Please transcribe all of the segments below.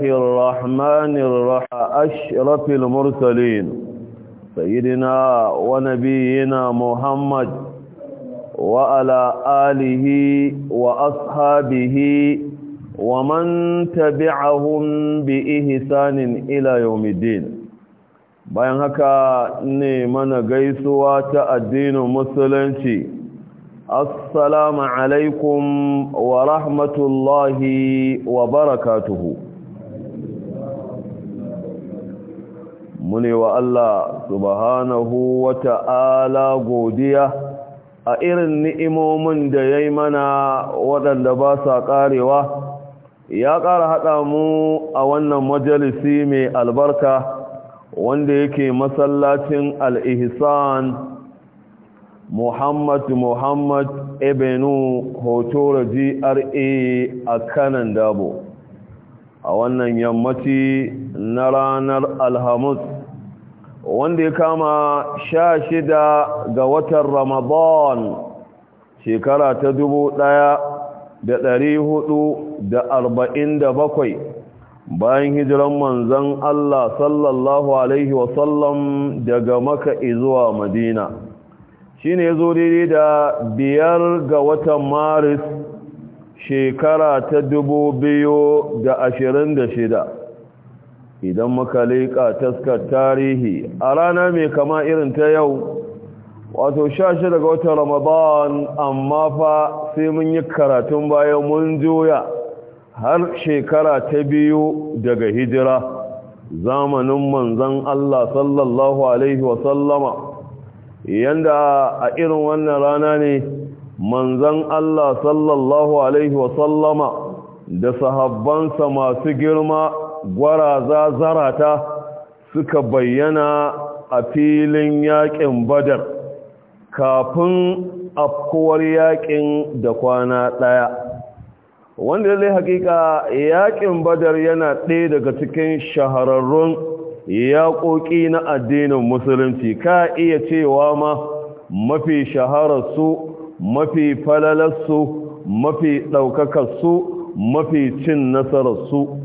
الرحمن الرحيم أشرف المرسلين سيدنا ونبينا محمد وعلى آله وأصحابه ومن تبعهم بإحسان إلى يوم الدين bayan haka ne mana gaisuwa ta addinin musulunci assalamu alaikum wa rahmatullahi wa barakatuhu mune wa Allah subhanahu wa ta'ala godiya a irin ni'imomin da ya yi mana waɗanda ba sa ƙarewa ya ƙara haɗa mu a wannan majalisi mai albarka wanda yake masallacin al'ihisan Muhammad Muhammad Ebenu Hotora GRA a kanan dabo a wannan yammaci na ranar Alhamis wanda ya kama sha shida ga watan ramadan shekara ta dubu ɗaya da ɗari hudu da arba'in da bakwai bayan hijiran manzan Allah sallallahu Alaihi wasallam daga maka zuwa madina shi ne zo daidai da biyar ga watan maris shekara ta dubu biyu da ashirin da shida idan muka leƙa taskar tarihi a rana mai kama irin ta yau wato sha shi daga watan ramadan amma fa sai mun yi karatun bayan mun juya har shekara ta biyu daga hijira zamanin manzan Allah sallallahu alaihi wasallama yanda a irin wannan rana ne manzan Allah sallallahu alaihi wasallama da sahabbansa masu girma gwaraza zarata suka bayyana a filin yaƙin badar kafin afkowar yaƙin da kwana ɗaya wanda zai hakika yaƙin badar yana ɗaya daga cikin shahararrun yaƙoƙi na addinin musulunci ka iya cewa ma mafi shahararsu mafi falalarsu mafi ɗaukakarsu mafi cin nasararsu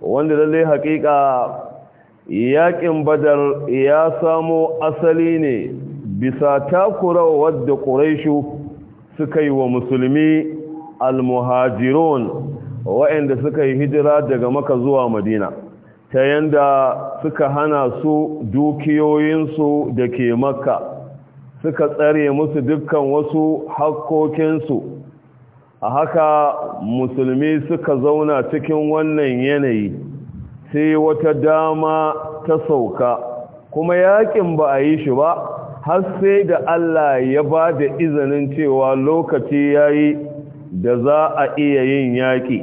wanda lallai haƙiƙa yaƙin badar ya samo asali ne bisa takurawa wadda ƙuraishu suka yi wa musulmi almuhajirun waɗanda suka yi hijira daga maka zuwa madina ta yanda suka hana su dukiyoyinsu da ke makka suka tsare musu dukkan wasu hakkokinsu a haka musulmi suka zauna cikin wannan yanayi sai wata dama ta sauka kuma yakin ba a yi shi ba har sai da Allah ya ba da izinin cewa lokaci yayi da za a iya yin Shi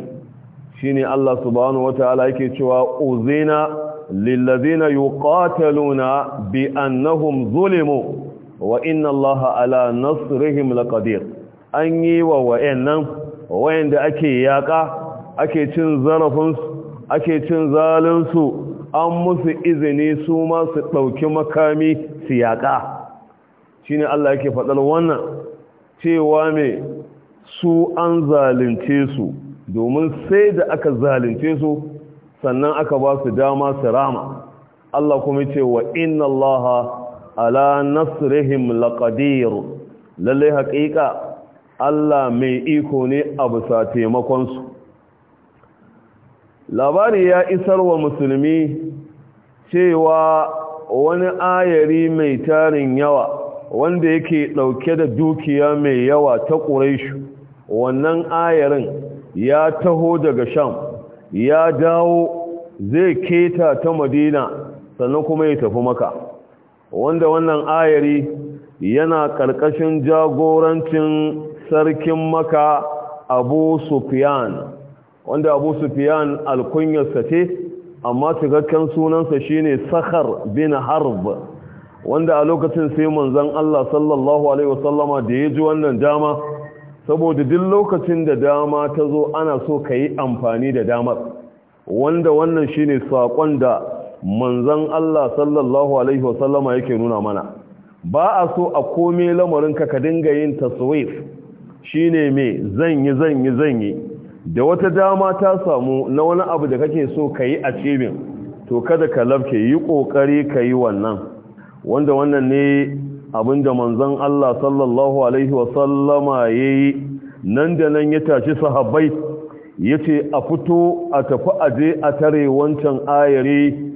shine Allah subhanahu wataala yake cewa uzina lillazina yuqataluna bi annahum zulimu wa inna Allaha ala nasrihim laqadir an yi wa wayannan wayanda ake yaƙa ake cin zarafinsu ake cin zalinsu an musu izini su masu ɗauki makami su yaƙa shi ne Allah yake faɗar wannan cewa mai su an zalunce su domin sai da aka zalunce su sannan aka ba su dama su rama Allah kuma ce wa inna Allah ala nasrihim laqadir lalle haƙiƙa Allah mai iko ne a bisa taimakonsu labari ya isar wa musulmi cewa wani ayari mai tarin yawa wanda yake ɗauke da dukiya mai yawa ta ƙuraishu wannan ayarin ya taho daga sham ya dawo zai keta ta madina sannan kuma ya tafi maka wanda wannan ayari yana ƙarƙashin jagorancin sarkin maka abu sufiyan wanda abu sufiyan alkunyarsa ce amma cikakken sunansa shine sakhar bin harb wanda a lokacin sai manzon Allah sallallahu alaihi wasallama da ya ji wannan dama saboda duk lokacin da dama ta zo ana so ka yi amfani da damar wanda wannan shine saƙon da manzon Allah sallallahu alaihi wasallama yake nuna mana ba a so a komi lamarin ka ka dinga yin taswif shine me zan yi zan yi da wata dama ta samu na wani abu da kake so ka yi a cibin to kada ka labke yi ƙoƙari ka yi wannan wanda wannan ne abin da manzon Allah sallallahu alaihi wasallama ya yi nan da nan ya tashi sahabbai ya ce a fito a tafi aje a tare wancan ayari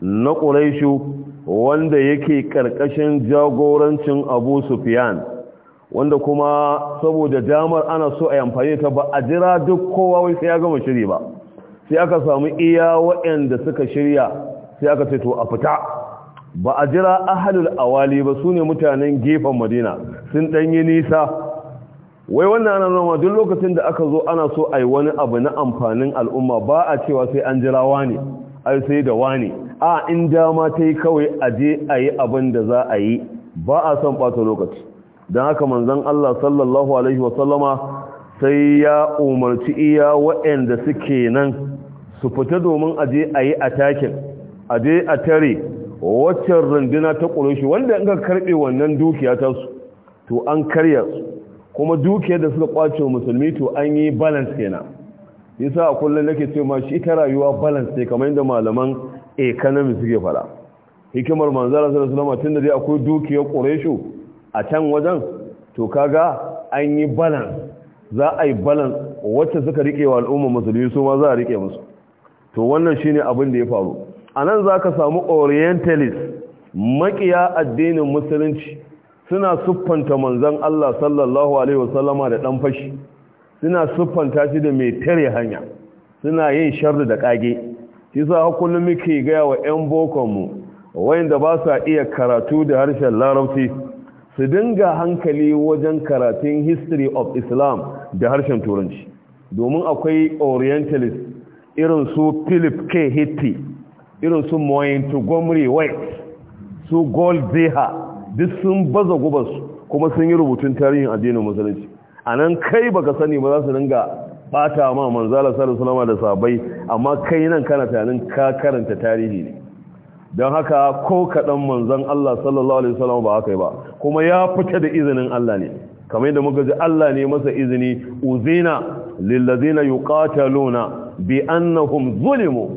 na ƙuraishu wanda yake ƙarƙashin jagorancin abu sufiyan wanda kuma saboda damar ana so a yamfani ta ba a jira duk kowa wai sai ya gama shiri ba sai aka samu iya waɗanda suka shirya sai aka ce to a fita ba a jira ahalul awali ba su ne mutanen gefen madina sun ɗanyi nisa wai wannan ana zama duk lokacin da aka zo ana so a yi wani abu na amfanin al'umma ba a cewa sai an jira wani ai sai da wani a in dama ta yi kawai a je a yi abin da za a yi ba a son ɓata lokaci don haka manzan Allah sallallahu alaihi wasallama sai ya umarci iya waɗanda suke nan su fita domin aje a yi atakin aje a tare waccan runduna ta ƙuloshi wanda in ka karɓe wannan dukiya ta su to an karya su kuma dukiyar da suka ƙwace musulmi to an yi balance kenan yasa a kullum nake ce ma shi ta rayuwa balance ne kamar yadda malaman economy suke fara hikimar manzara sallallahu alaihi wasallam tunda dai akwai dukiyar quraishu a can wajen to kaga an yi balan za a yi balan wacce suka rike wa al'umma musulmi su ma za a rike musu to wannan shine abin da ya faru anan nan za ka samu orientalist makiya addinin musulunci suna siffanta manzon Allah sallallahu alaihi wasallama da dan fashi suna siffanta shi da mai tare hanya suna yin sharri da kage shi sa kullum muke gaya wa 'yan mu wayanda ba sa iya karatu da harshen larabci su dinga hankali wajen karatun history of islam da harshen turanci domin akwai orientalist irin su philip k hitti irin su moyen Gomri white su goldzeha duk sun baza gubansu kuma sun yi rubutun tarihin addinin musulunci a nan kai baka sani ba za su dinga bata ma manzala sallallahu alaihi da sabai amma kai nan kana tunanin ka karanta tarihi ne don haka ko kaɗan manzan Allah sallallahu Alaihi wasallam ba haka ba kuma ya fita da izinin Allah ne kamar yadda muka ji Allah ne masa izini uzina lillazina yuqataluna bi annahum zulimu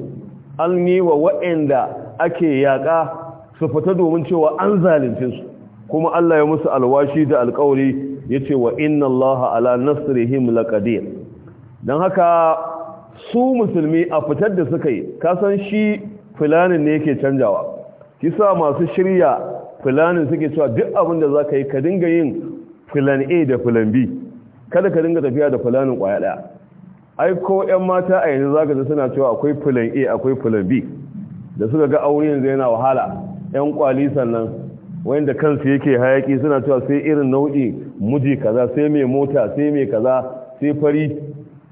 an yi wa waɗanda ake yaƙa su fita domin cewa an zalunce su kuma Allah ya musu alwashi da alƙawari yace wa inna Allah ala nasrihim laqadir dan haka su musulmi a fitar da suka yi kasan shi filanin ne yake canjawa kisa masu shirya filanin suke cewa duk abin da za ka yi ka dinga yin filan a da filan b kada ka dinga tafiya da filanin kwaya daya ai ko yan mata a yanzu zaka ji suna cewa akwai filan a akwai filan b da suka ga aure yanzu yana wahala yan kwali sannan wanda kansu yake hayaki suna cewa sai irin nau'i muji kaza sai mai mota sai mai kaza sai fari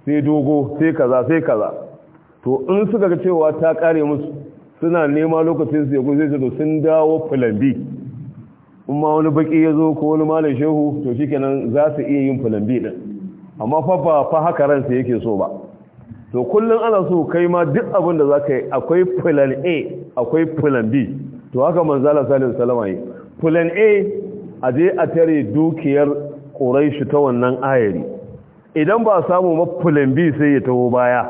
sai dogo sai kaza sai kaza to in suka ga cewa ta kare musu suna nema lokacin su ya kusa su sun dawo plan B in ma wani baki ya zo ko wani malam shehu to shikenan za su iya yin plan B din amma fa ba fa haka ransa yake so ba to kullun ana so kai ma duk abin da zaka yi akwai plan A akwai plan B to haka manzala sallallahu alaihi wasallam yi plan A a je a tare dukiyar shi ta wannan ayari idan ba samu ma plan B sai ya taho baya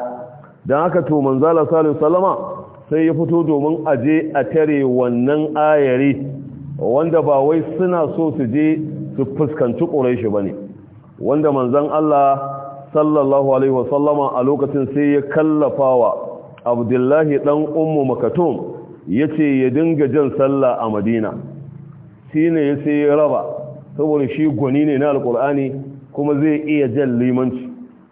dan haka to manzala sallallahu alaihi sai ya fito domin a je a tare wannan ayari wanda ba wai suna so su je su fuskanci ƙuraishi ba ne wanda manzan Allah sallallahu alaihi wasallama a lokacin sai ya kallafa wa abdullahi ɗan umu makatum ya ce ya dinga jan sallah a madina shi ne ya sai ya raba saboda shi gwani ne na alƙul'ani kuma zai iya jan limanci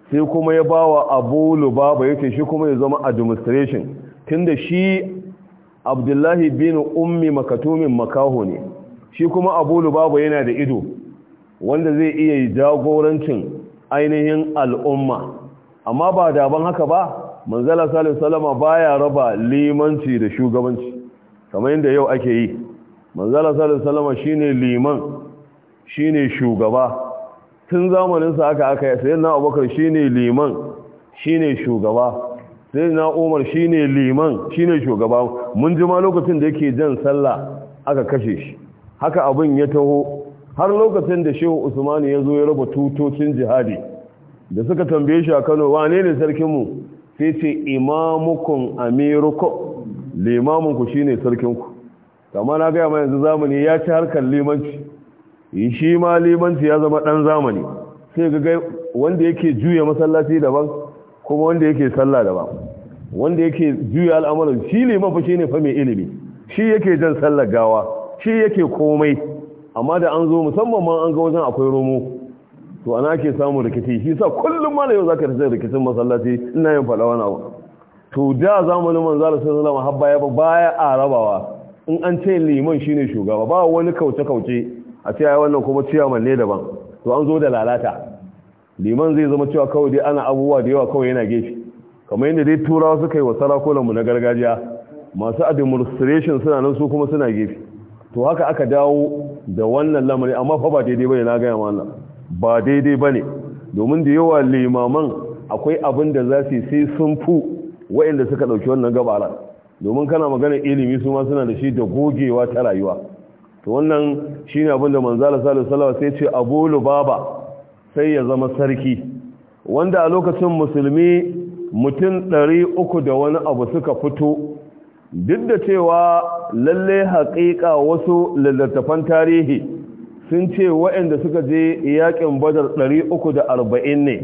sai kuma ya ba wa abu lubaba ya ce shi kuma ya zama administration tunda shi abdullahi bin ummi makatumin makaho ne shi kuma Abulu babu yana da ido wanda zai iya jagorancin ainihin al'umma amma ba daban haka ba manzala salim salama baya raba limanci da shugabanci kamar yadda yau ake yi manzala salim salama shine liman shine shugaba tun zamaninsa aka aka yasa sayan na shi shine liman shine shugaba sai na umar shine liman ne shugaba mun ji ma lokacin da yake jan sallah aka kashe shi haka abin ya taho har lokacin da shehu usmani ya zo ya raba tutocin jihadi da suka tambaye shi a kano wane ne sarkinmu sai ce imamukun amirukun limamunku shi ne sarkinku kama na gaya ma yanzu zamani ya ci harkar limanci shi ma limanci ya zama ɗan zamani sai ga wanda yake juya masallaci daban kuma wanda yake sallah daban wanda yake juya al'amuran shi ne mafi ne fa mai ilimi shi yake jan sallar gawa shi yake komai amma da an zo musamman ma an ga wajen akwai romo to ana ke samun rikici shi sa kullum ma da yau zaka tafi rikicin masallaci ina yin fada wani abu to da zamanin manzo Allah sallallahu alaihi wasallam habba baya arabawa in an ce liman shine shugaba ba wani kauce kauce a ce ai wannan kuma ciyaman ne daban to an zo da lalata liman zai zama cewa kawai dai ana abubuwa da yawa kawai yana gefe kamar yadda dai turawa suka yi wa sarakunanmu na gargajiya masu administration suna nan su kuma suna gefe to haka aka dawo da wannan lamari amma fa ba daidai bane na gaya mana ba daidai bane domin da yawa limaman akwai abin da za su sai sun fu waɗanda suka ɗauki wannan gabara domin kana magana ilimi su ma suna da shi da gogewa ta rayuwa to wannan shine abin da manzala sallallahu alaihi wasallam sai ce abu lubaba sai ya zama sarki wanda a lokacin musulmi mutum ɗari uku da wani abu suka fito duk da cewa lalle haƙiƙa wasu lalatafan tarihi sun ce waɗanda suka je yaƙin badar ɗari uku da arba'in ne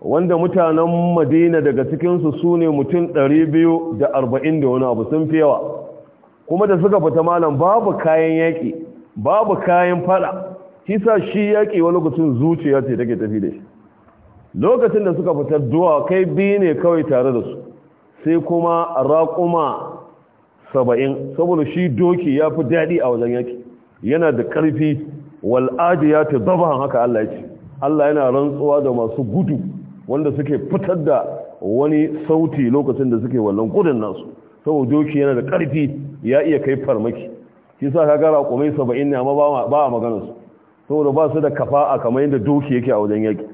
wanda mutanen madina daga cikinsu su ne mutum ɗari biyu da arba'in da wani abu sun fi yawa kuma da suka fita malam babu kayan yaƙi babu kayan fada shi sa shi yaƙi wani lokacin zuciya ce take tafi da shi lokacin da suka fitar duwa kai biyu ne kawai tare da su sai kuma raƙuma saba'in saboda shi doki ya fi daɗi a wajen yaƙi yana da ƙarfi ya ta dabahan haka Allah ya ce Allah yana rantsuwa da masu gudu wanda suke fitar da wani sauti lokacin da suke wannan gudun nasu saboda doki yana da ƙarfi ya iya kai farmaki kisa sa ka gara komai saba'in ne amma ba a maganarsu saboda ba su da kafa a kamar yadda doki yake a wajen yaki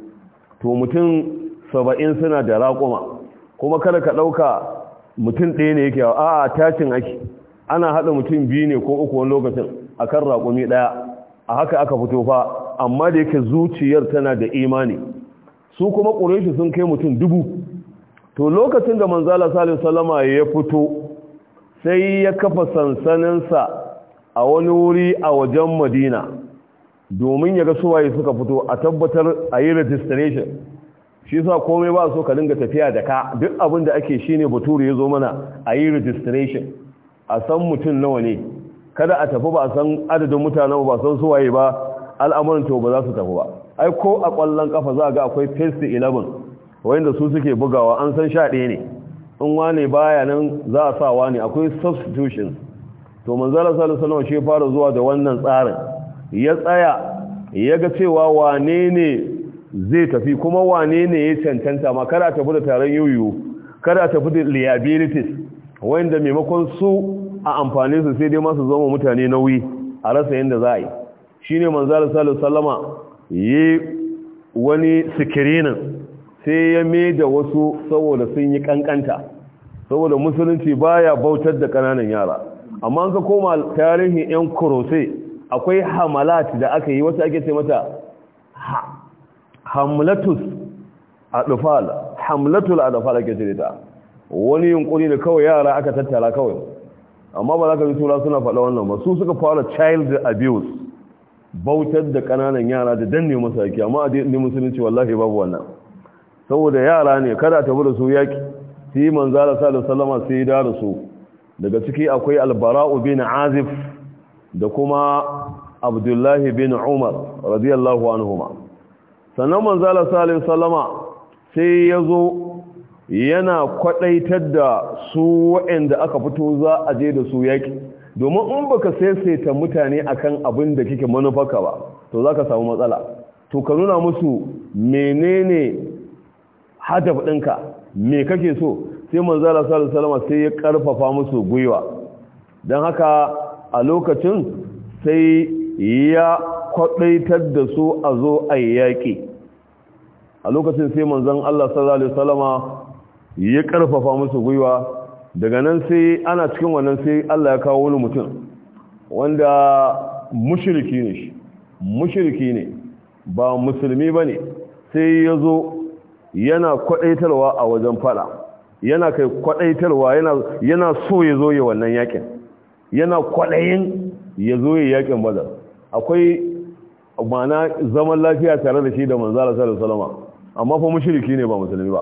to mutum saba'in suna da raƙuma kuma kada ka ɗauka mutum ɗaya ne yake a tashin ake ana haɗa mutum biyu ne ko uku wani lokacin a kan raƙumi ɗaya a haka aka fito fa amma da yake zuciyar tana da imani su kuma ƙureshi sun kai mutum dubu to lokacin da manzala salim salama ya fito sai ya kafa sansaninsa a wani wuri a wajen madina domin ya ga suwaye suka fito a tabbatar a yi registration shi sa komai ba so ka dinga tafiya da ka duk abin da ake shine bature ya zo mana a yi registration a san mutum nawa ne kada a tafi ba san adadin mutanen ba san suwaye ba al'amuran to ba za su tafi ba ai ko a kwallon kafa za ga akwai first 11 wanda su suke bugawa an san sha ɗaya ne in wane baya nan za a sa wane akwai substitutions to manzara sallallahu alaihi wasallam shi fara zuwa da wannan tsarin ya tsaya ya ga cewa wane ne zai tafi kuma wane ne ya cancanta ma kada tafi da taron yoyo kada tafi da liabilities wanda maimakon su a amfani su sai dai masu zama mutane nauyi a rasa yadda za a yi shi ne manzara salu salama yi wani sikirinin sai ya mai da wasu saboda sun yi kankanta saboda musulunci baya bautar da ƙananan yara amma an ka koma tarihin 'yan Kurose. akwai hamalat da aka yi wasu ake ce mata hamlatus adufal hamlatul adufal ake ce ta wani yunkuri da kawai yara aka tattara kawai amma ba za ka suna faɗa wannan ba su suka fara child abuse bautar da ƙananan yara da danne masu yaki amma a daidai musulunci wallahi babu wannan saboda yara ne kada ta da su yaki yi manza sa da Sallama sai da su daga ciki akwai albara'u bin azif da kuma abdullahi bin umar radiyallahu anhuma sannan manzala salim salama sai ya zo yana kwadaitar da su waɗanda aka fito za a je da su yaƙi domin in baka saisaita mutane akan abin da kike manufaka ba to za ka samu matsala to ka nuna musu menene hadaf ɗinka me kake so sai manzala salim salama sai ya ƙarfafa musu gwiwa don haka a lokacin sai ya kwaɗaitar da su a zo a yaƙi a lokacin sai manzan Allah sallallahu Alaihi wasallama ya ƙarfafa musu gwiwa daga nan sai ana cikin wannan sai Allah ya kawo wani mutum wanda mushiriki ne mushiriki ne ba musulmi ba ne sai ya zo yana kwaɗaitarwa a wajen fada yana kai kwaɗaitarwa yana so ya zo ya wannan yakin yana kwaɗayin ya zo ya yakin badar akwai mana zaman lafiya tare da shi da manzara sallallahu alaihi wasallam amma fa mushriki ne ba musulmi ba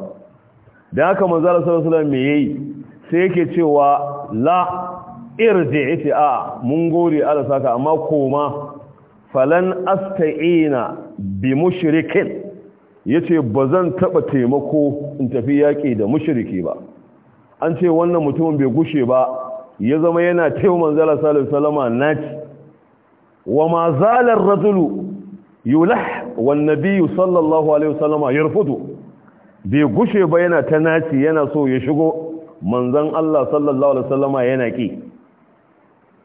da haka manzara sallallahu alaihi wasallam me yayi sai yake cewa la irji ita a mun gode ala saka amma koma falan asta'ina bi mushrikin yace bazan taba taimako in tafi yaki da mushriki ba an ce wannan mutumin bai gushe ba ya zama yana cewa manzala sallallahu salama naci wa ma zalar rajulu yulah wan Nabiyu sallallahu alaihi wasallama yarfudu bai gushe ba yana ta naci yana so ya shigo manzan Allah sallallahu alaihi wasallama yana ki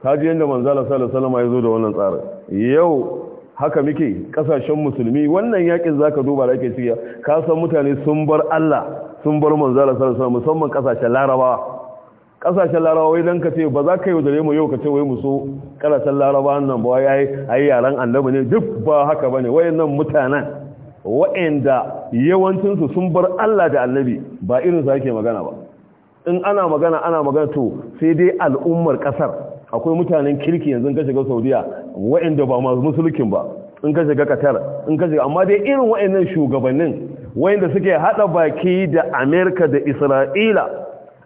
kaji yanda manzala sallallahu alaihi wasallama ya zo da wannan tsarin yau haka muke kasashen musulmi wannan yakin zaka duba da ake ciya ka san mutane sun bar Allah sun bar manzala sallallahu alaihi wasallam musamman kasashen larabawa kasashen larabawa wai ka ce ba za ka yi da mu yau ka ce wai mu so kasashen larabawa nan ba yayi yi yaren annabi ne duk ba haka bane nan mutanen wa'anda yawancinsu sun bar Allah da annabi ba irin sa ake magana ba in ana magana ana magana to sai dai al'ummar kasar akwai mutanen kirki yanzu ka shiga Saudiya wa'anda ba masu musulkin ba in ka shiga Qatar in ka shiga amma dai irin wa'annan shugabannin wayanda suke hada baki da amerika da Isra'ila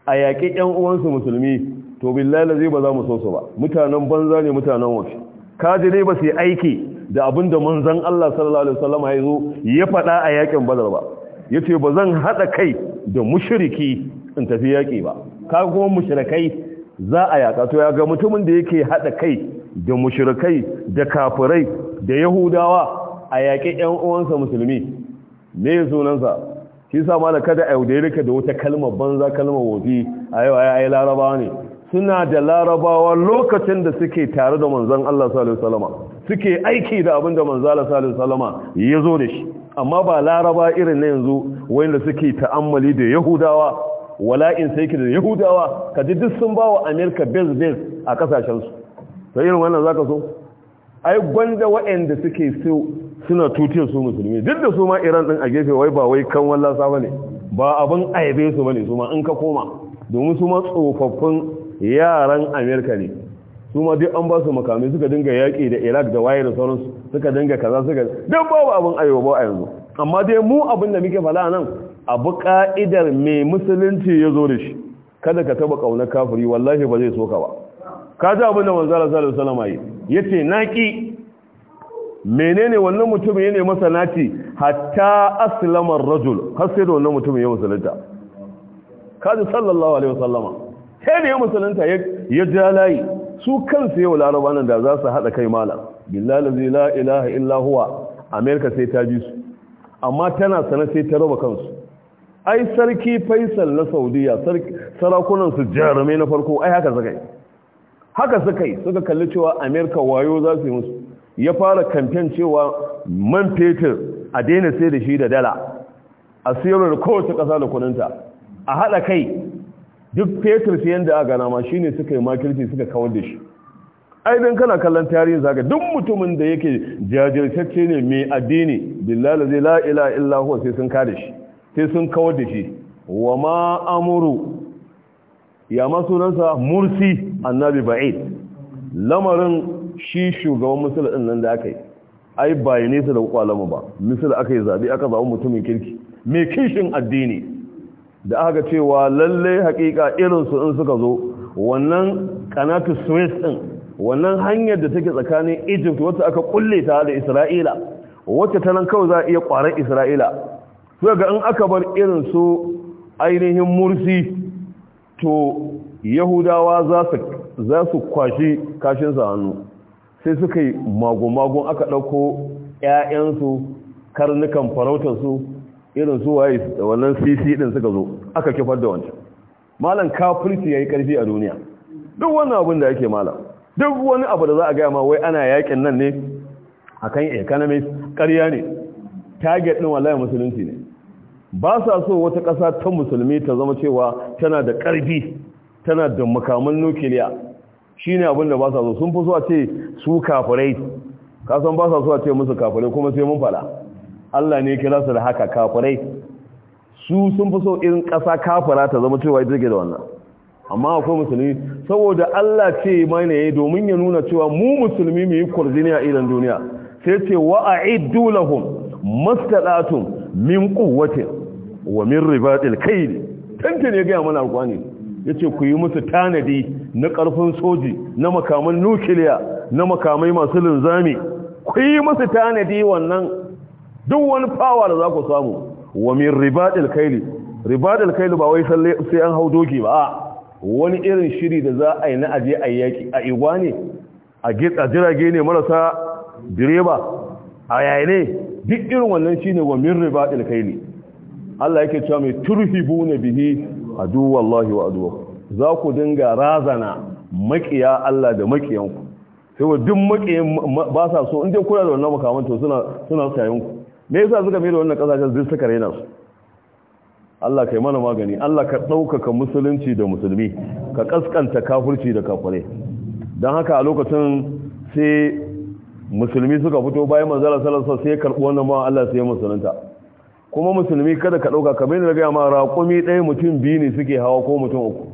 a yaƙi ƴan uwansu musulmi to billahi zai ba za mu so su ba mutanen banza ne mutanen wafi kaji ne ba su yi aiki da abin da manzan Allah sallallahu alaihi wasallam ya zo ya faɗa a yaƙin Badar ba yace ba zan haɗa kai da mushriki in tafi yaƙi ba ka kuma mushrikai za a yaƙa to ya ga mutumin da yake haɗa kai da mushrikai da kafirai da yahudawa a yaƙi ƴan uwansa musulmi me sunansa shi sa da kada a yaudai da wata kalmar banza kalmar wofi a yau yi larabawa ne suna da larabawa lokacin da suke tare da manzan Allah sallallahu salama suke aiki da abin da manzan Allah sallallahu salama ya zo da shi amma ba laraba irin na yanzu wanda suke ta'ammali da yahudawa wala'in sai ki da yahudawa ka ji duk sun ba wa amerika bez bez a kasashensu to irin wannan zaka so ai gwanda waɗanda suke so suna tutiyar su musulmi duk da su ma iran din a gefe wai ba wai kan wallasa bane ne ba abin aibe su bane su ma in ka koma domin su ma tsofaffin yaran amerika ne su ma duk an ba su makamai suka dinga yaƙi da iraq da wayar da sauransu suka dinga kaza suka duk babu abin aiwa ba a yanzu amma dai mu abin da muke fala nan abu ka'idar mai musulunci ya zo da shi kada ka taba kaunar kafiri wallahi ba zai so ka ba ka ji abin da manzara sallallahu alaihi wasallam yi yace naki menene wannan mutum ya nema masa hatta aslamar rajul har sai da wannan mutum ya musulunta kaji sallallahu alaihi wasallama sai da ya musulunta ya ja layi su kansu yau laraba nan da za su haɗa kai malam billahi la ilaha illa huwa amerika sai ta bi su amma tana sana sai ta raba kansu ai sarki faisal na saudiya sarakunan su jarumai na farko ai haka suka yi haka suka yi suka kalli cewa amerika wayo za su yi musu ya fara kamfen cewa man fetur a daina sai da shi da dala a siyarwar kowace ƙasa da kudinta a haɗa kai duk fetur siyan da aka nama shi ne suka yi makirci suka kawar da shi don kana kallon tarihin zaga duk mutumin da yake jajirtacce ne mai addini billahi zai la'ila illahu sai sun kada shi sai sun kawar da shi wa ma amuru ya masu sunansa mursi annabi ba'id lamarin shi shugaban misali ɗin nan da aka yi ai ba nesa da mu ba misali aka yi zaɓe aka zaɓi mutumin kirki mai kishin addini da aka cewa lalle haƙiƙa irinsu in suka zo wannan kanatu swiss ɗin wannan hanyar da take tsakanin egypt wata aka kulle ta da isra'ila wacce ta nan kawai za a iya ƙwarar isra'ila su ga in aka bar irinsu ainihin mursi to yahudawa za su kwashi kashinsa hannu sai suka yi magomagon aka ɗauko 'ya'yansu karnukan farautarsu irin su waye da wannan cc ɗin suka zo aka kifar da wancan malam kafirci ya yi ƙarfi a duniya duk wannan abin da yake malam duk wani abu da za a gaya ma wai ana yakin nan ne a kan economy ƙarya ne target ɗin wallahi musulunci ne ba sa so wata ƙasa ta musulmi ta zama cewa tana da ƙarfi tana da makaman nukiliya Shi ne abinda ba sa so sun fi so a ce su kafirai Kasan ba sa so a ce musu kafirai kuma sai mun fada Allah ne kira su da haka kafirai su sun fi so irin ƙasa kafira ta zama cewa ita take da wannan amma akwai musulmi saboda Allah ce mana yayi domin ya nuna cewa mu musulmi mu yi kurzini a idan duniya sai ce wa a'iddu lahum mastalatum min quwwatin wa min ribatil kayl tantane ga mana ne. ya ce ku yi musu tanadi na ƙarfin soji na makaman nukiliya na makamai masu linzami ku yi musu tanadi wannan duk wani fawa da za ku samu wa min ribadil kaili ribadil kaili ba wai sai an hau doki ba wani irin shiri da za a yi na aje a yaƙi a igwa ne a jirage ne marasa direba a yayi ne duk irin wannan shine wa min ribadil kaili Allah yake cewa mai bu na bihi adu wallahi wa aduwa za ku dinga razana makiya Allah da makiyanku sai wa duk makiyan ba sa so inda kula da wannan makaman to suna suna tsayin ku me yasa suka mai da wannan kasashen zai suka raina su Allah kai mana magani Allah ka ɗaukaka musulunci da musulmi ka kaskanta kafirci da kafirai don haka a lokacin sai musulmi suka fito bayan manzara salasa sai karɓi wannan ma Allah sai musulunta kuma musulmi kada ka ɗauka kamar da ga ma raƙumi ɗaya mutum biyu ne suke hawa ko mutum uku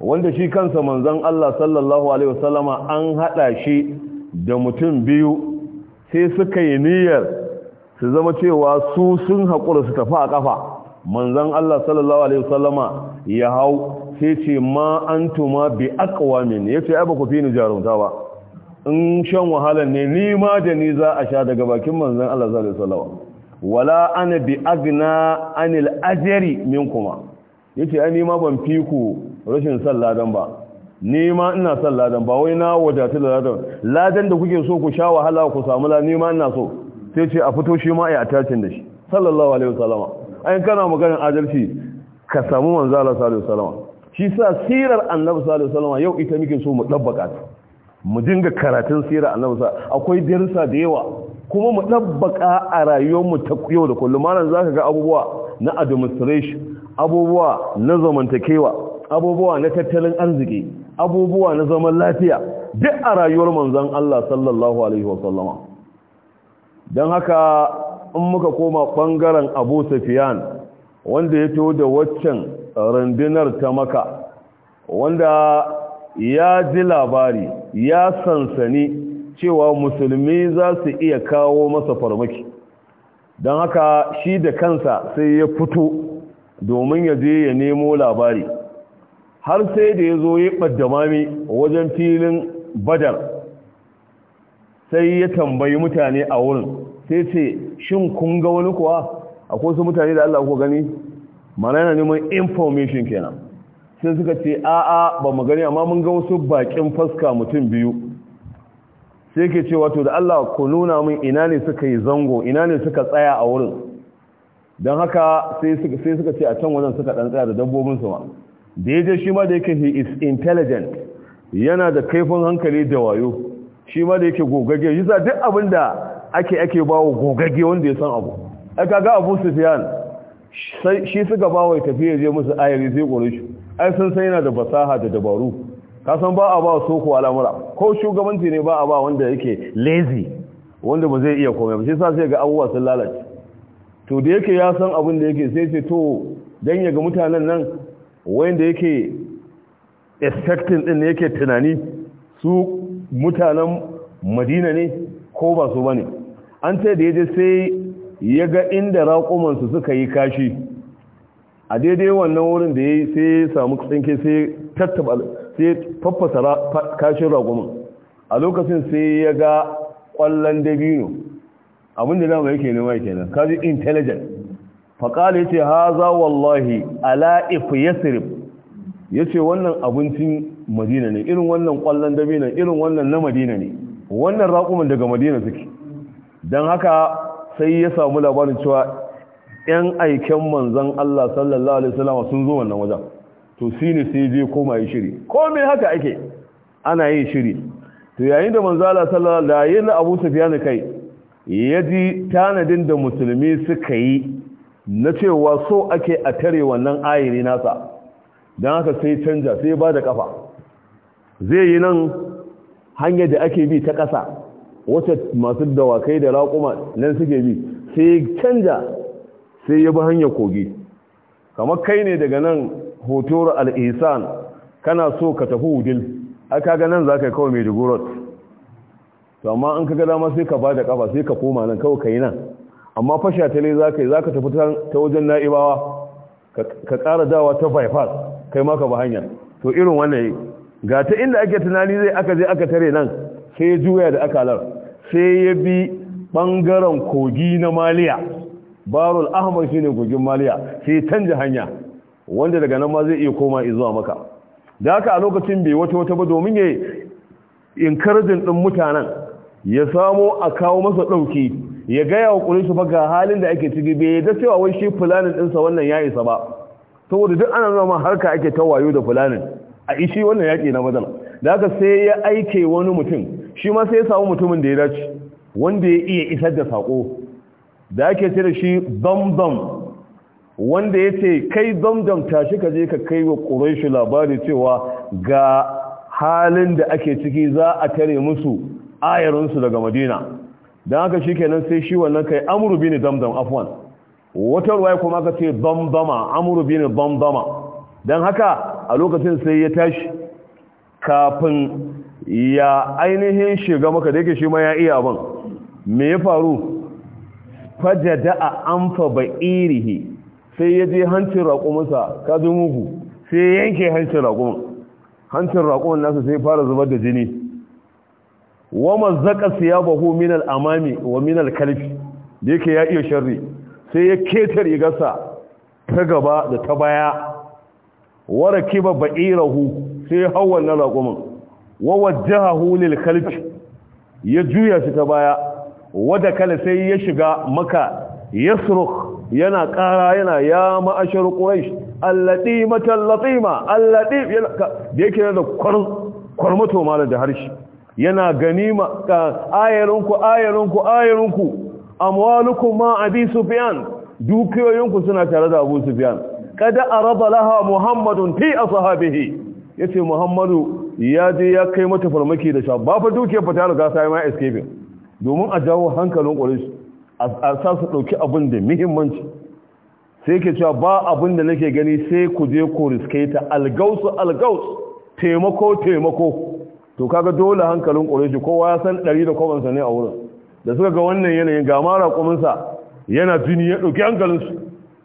wanda shi kansa manzon Allah sallallahu alaihi wasallama an haɗa shi da mutum biyu sai suka yi niyyar su zama cewa su sun hakura su tafi a kafa manzon Allah sallallahu alaihi wasallama ya hau sai ce ma antuma bi aqwamin yace ai ba ku fi ni jarumta ba in shan wahalar ne ni ma da ni za a sha daga bakin manzon Allah sallallahu alaihi wasallama wala ana bi agna anil ajri kuma yace ai ni ma ban fi ku rashin san ladan ba ni ma ina san ladan ba wai na wadatu da ladan ladan da kuke so ku sha wahala ku samu la ni ma ina so sai ce a fito shi ma ai attachin da shi sallallahu alaihi wasallama ai kana maganar adalci ka samu manzo Allah sallallahu alaihi wasallama shi sa sirar annabi sallallahu alaihi wasallama yau ita muke so mu dabbaka mu dinga karatun sirar annabi akwai darsa da yawa kuma mu ɗabbaƙa a rayuwarmu ta yau da kullum malam za ka ga abubuwa na administration abubuwa na zamantakewa abubuwa na tattalin arziki abubuwa na zaman lafiya duk a rayuwar manzon Allah sallallahu alaihi wasallama don haka in muka koma ɓangaren abu safiyan wanda ya to da waccan rundunar ta maka wanda ya ji labari ya sansani cewa musulmi za su iya kawo masa farmaki don haka shi da kansa sai ya fito domin ya je ya nemo labari har sai da ya zo ya ɓadda mami wajen filin badar sai ya tambayi mutane a wurin sai ce shin kun ga wani kuwa akwai su mutane da Allah ku gani mana yana neman information kenan sai suka ce a'a ba mu gani amma mun ga wasu bakin faska mutum biyu sai ke ce wato da Allah ku nuna min ina ne suka yi zango ina ne suka tsaya a wurin don haka sai suka ce a can wajen suka dan tsaya da dabbobinsu ma da ya je shi ma da yake he is intelligent yana da kaifin hankali da wayo shi ma da yake gogage, yi za duk abin da ake ake ba wa gogagge wanda ya san abu ai ga abu sufiyan shi suka ba wa tafiya je musu ayari zai kore shi ai sun san yana da fasaha da dabaru Ka san ba a ba ko al'amura ko shugabanci ne ba a ba wanda yake lazy wanda ba zai iya komai ba shi sa sai ga abubuwa sun lalace to da yake ya san abin da yake sai sai to dan ya ga mutanen nan wanda yake expecting din yake tunani su mutanen Madina ne ko ba su bane an ce da yaje sai ya ga inda raƙuman su suka yi kashi a daidai wannan wurin da ya yi sai ya samu tsinke sai tattaba sai faffasa kashin ragumin a lokacin sai ya ga kwallon dabino abinda mai yake nema kenan kaji intelligent faƙali ya ce haza wallahi ala'if sirif ya ce wannan abincin madina ne irin wannan kwallon dabino irin wannan na madina ne wannan raƙumin daga madina suke don haka sai ya samu labarin cewa 'yan aiken manzan Allah sallallahu Alaihi wasallama sun zo wannan wajen to sini sai zai koma yi shiri ko haka ake ana yin shiri to yayin da manzala sallallahu alaihi wasallam yayin da Abu Sufyan kai yaji tanadin da musulmi suka yi na cewa so ake a tare wannan ayini nasa dan haka sai canja sai ba da kafa zai yi nan hanyar da ake bi ta kasa wacce masu dawakai da raƙuma nan suke bi sai canja sai ya bi hanyar kogi kamar kai ne daga nan hotor al-ihsan kana so ka tafi wudil aka ga nan zaka kawo kawai digorot to amma an kaga dama sai ka bada kafa sai ka koma nan kawai kai nan amma fasha ta ne zaka yi zaka tafi ta wajen na'ibawa ka ƙara dawa ta bypass kai ma ka ba hanya to irin wannan ga ta inda ake tunani zai aka je aka tare nan sai ya juya da aka akalar sai ya bi bangaren kogi na maliya barul ahmad shine kogin maliya sai canja hanya wanda daga nan ma zai iya koma zuwa maka da haka a lokacin bai wata wata ba domin ya inkarjin din mutanen ya samo a kawo masa ɗauki ya gaya wa ƙulishi fa ga halin da ake ciki bai da cewa wai shi fulanin sa wannan ya isa ba saboda duk ana nuna ma harka ake ta wayo da fulanin a ishi wannan yaƙi na matsala da haka sai ya aike wani mutum shi ma sai ya samu mutumin da ya dace wanda ya iya isar da saƙo da ake ce da shi bambam wanda ya ce kai zamzam tashi ka je ka kai wa ƙuraishi labari cewa ga halin da ake ciki za a tare musu ayarinsu daga madina don haka shi kenan sai shi wannan kai amuru bi ne damdam afwan wata ruwa kuma ka ce bambama amuru bi ne bambama don haka a lokacin sai ya tashi kafin ya ainihin shiga maka da yake shi ma ya iya abin me ya faru fajada a amfa ba irihi sai ya je hancin raƙuminsa ka zo mugu sai yanke hancin raƙumin hancin raƙumin nasa sai fara zubar da jini wa mazzaka siyabahu min al-amami wa min kalfi kalbi da yake ya iya sharri sai ya keta gasa ta gaba da ta baya wa rakiba ba'irahu sai hawan na raƙumin wa wajjahahu lil kalbi ya juya su ta baya wada kala sai ya shiga maka yasrukh yana ƙara yana ya ma'ashar ƙuraish allaɗi ma allaɗi da yake da kwarmato malar da harshe yana ganima ayarinku ayarinku ayarinku amwaluku ma su biyan. dukiyoyinku suna tare da abu ƙada kada raba laha muhammadun fi ya yace muhammadu ya je ya kai mata farmaki da sha ba fa dukiyar fata da gasa ya ma escaping domin a jawo hankalin quraish a sa su ɗauki abin da muhimmanci sai ke cewa ba abin da nake gani sai ku je ku riske ta algausu algausu taimako taimako to kaga dole hankalin ƙoreshi kowa ya san ɗari da kwabansa ne a wurin da suka ga wannan yanayin ga mara kuminsa yana jini ya ɗauki hankalinsu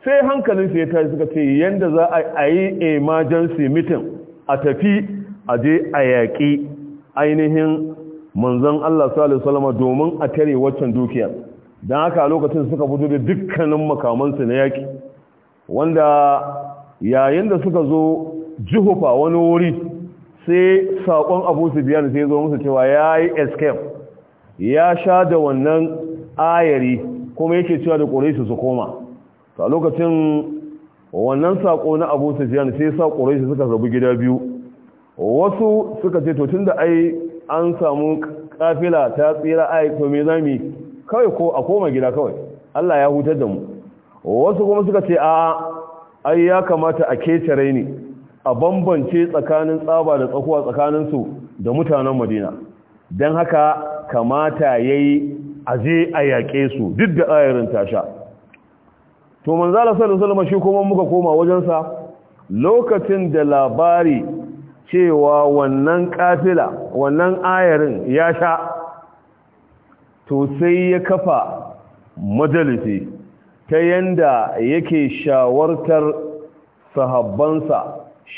sai hankalinsu ya tashi suka ce yadda za a yi emergency meeting a tafi a je a yaƙi ainihin manzan Allah sallallahu alaihi wasallam domin a tare waccan dukiyar don haka a lokacin suka fito da dukkanin makamansu na yaƙi wanda yayin da suka zo jihufa wani wuri sai saƙon abu su biya da sai zo musu cewa ya yi escape ya sha da wannan ayari kuma yake cewa da ƙorai su koma a lokacin wannan saƙo na abu su biya sai sa ƙorai suka rabu gida biyu wasu suka ce to tun da ai an samu kafila ta tsira ai to me zamu kawai ko a koma gida kawai Allah ya hutar da mu wasu kuma suka ce a ai ya kamata a ketare ni a bambance tsakanin tsaba da tsakuwa tsakanin su da mutanen Madina dan haka kamata yayi a je a yaƙe su duk da ayarin tasha to Allah sallallahu alaihi wasallam shi kuma muka koma wajen sa lokacin da labari cewa wannan kafila wannan ayarin ya sha to sai ya kafa majalisi ta yanda yake shawartar sahabbansa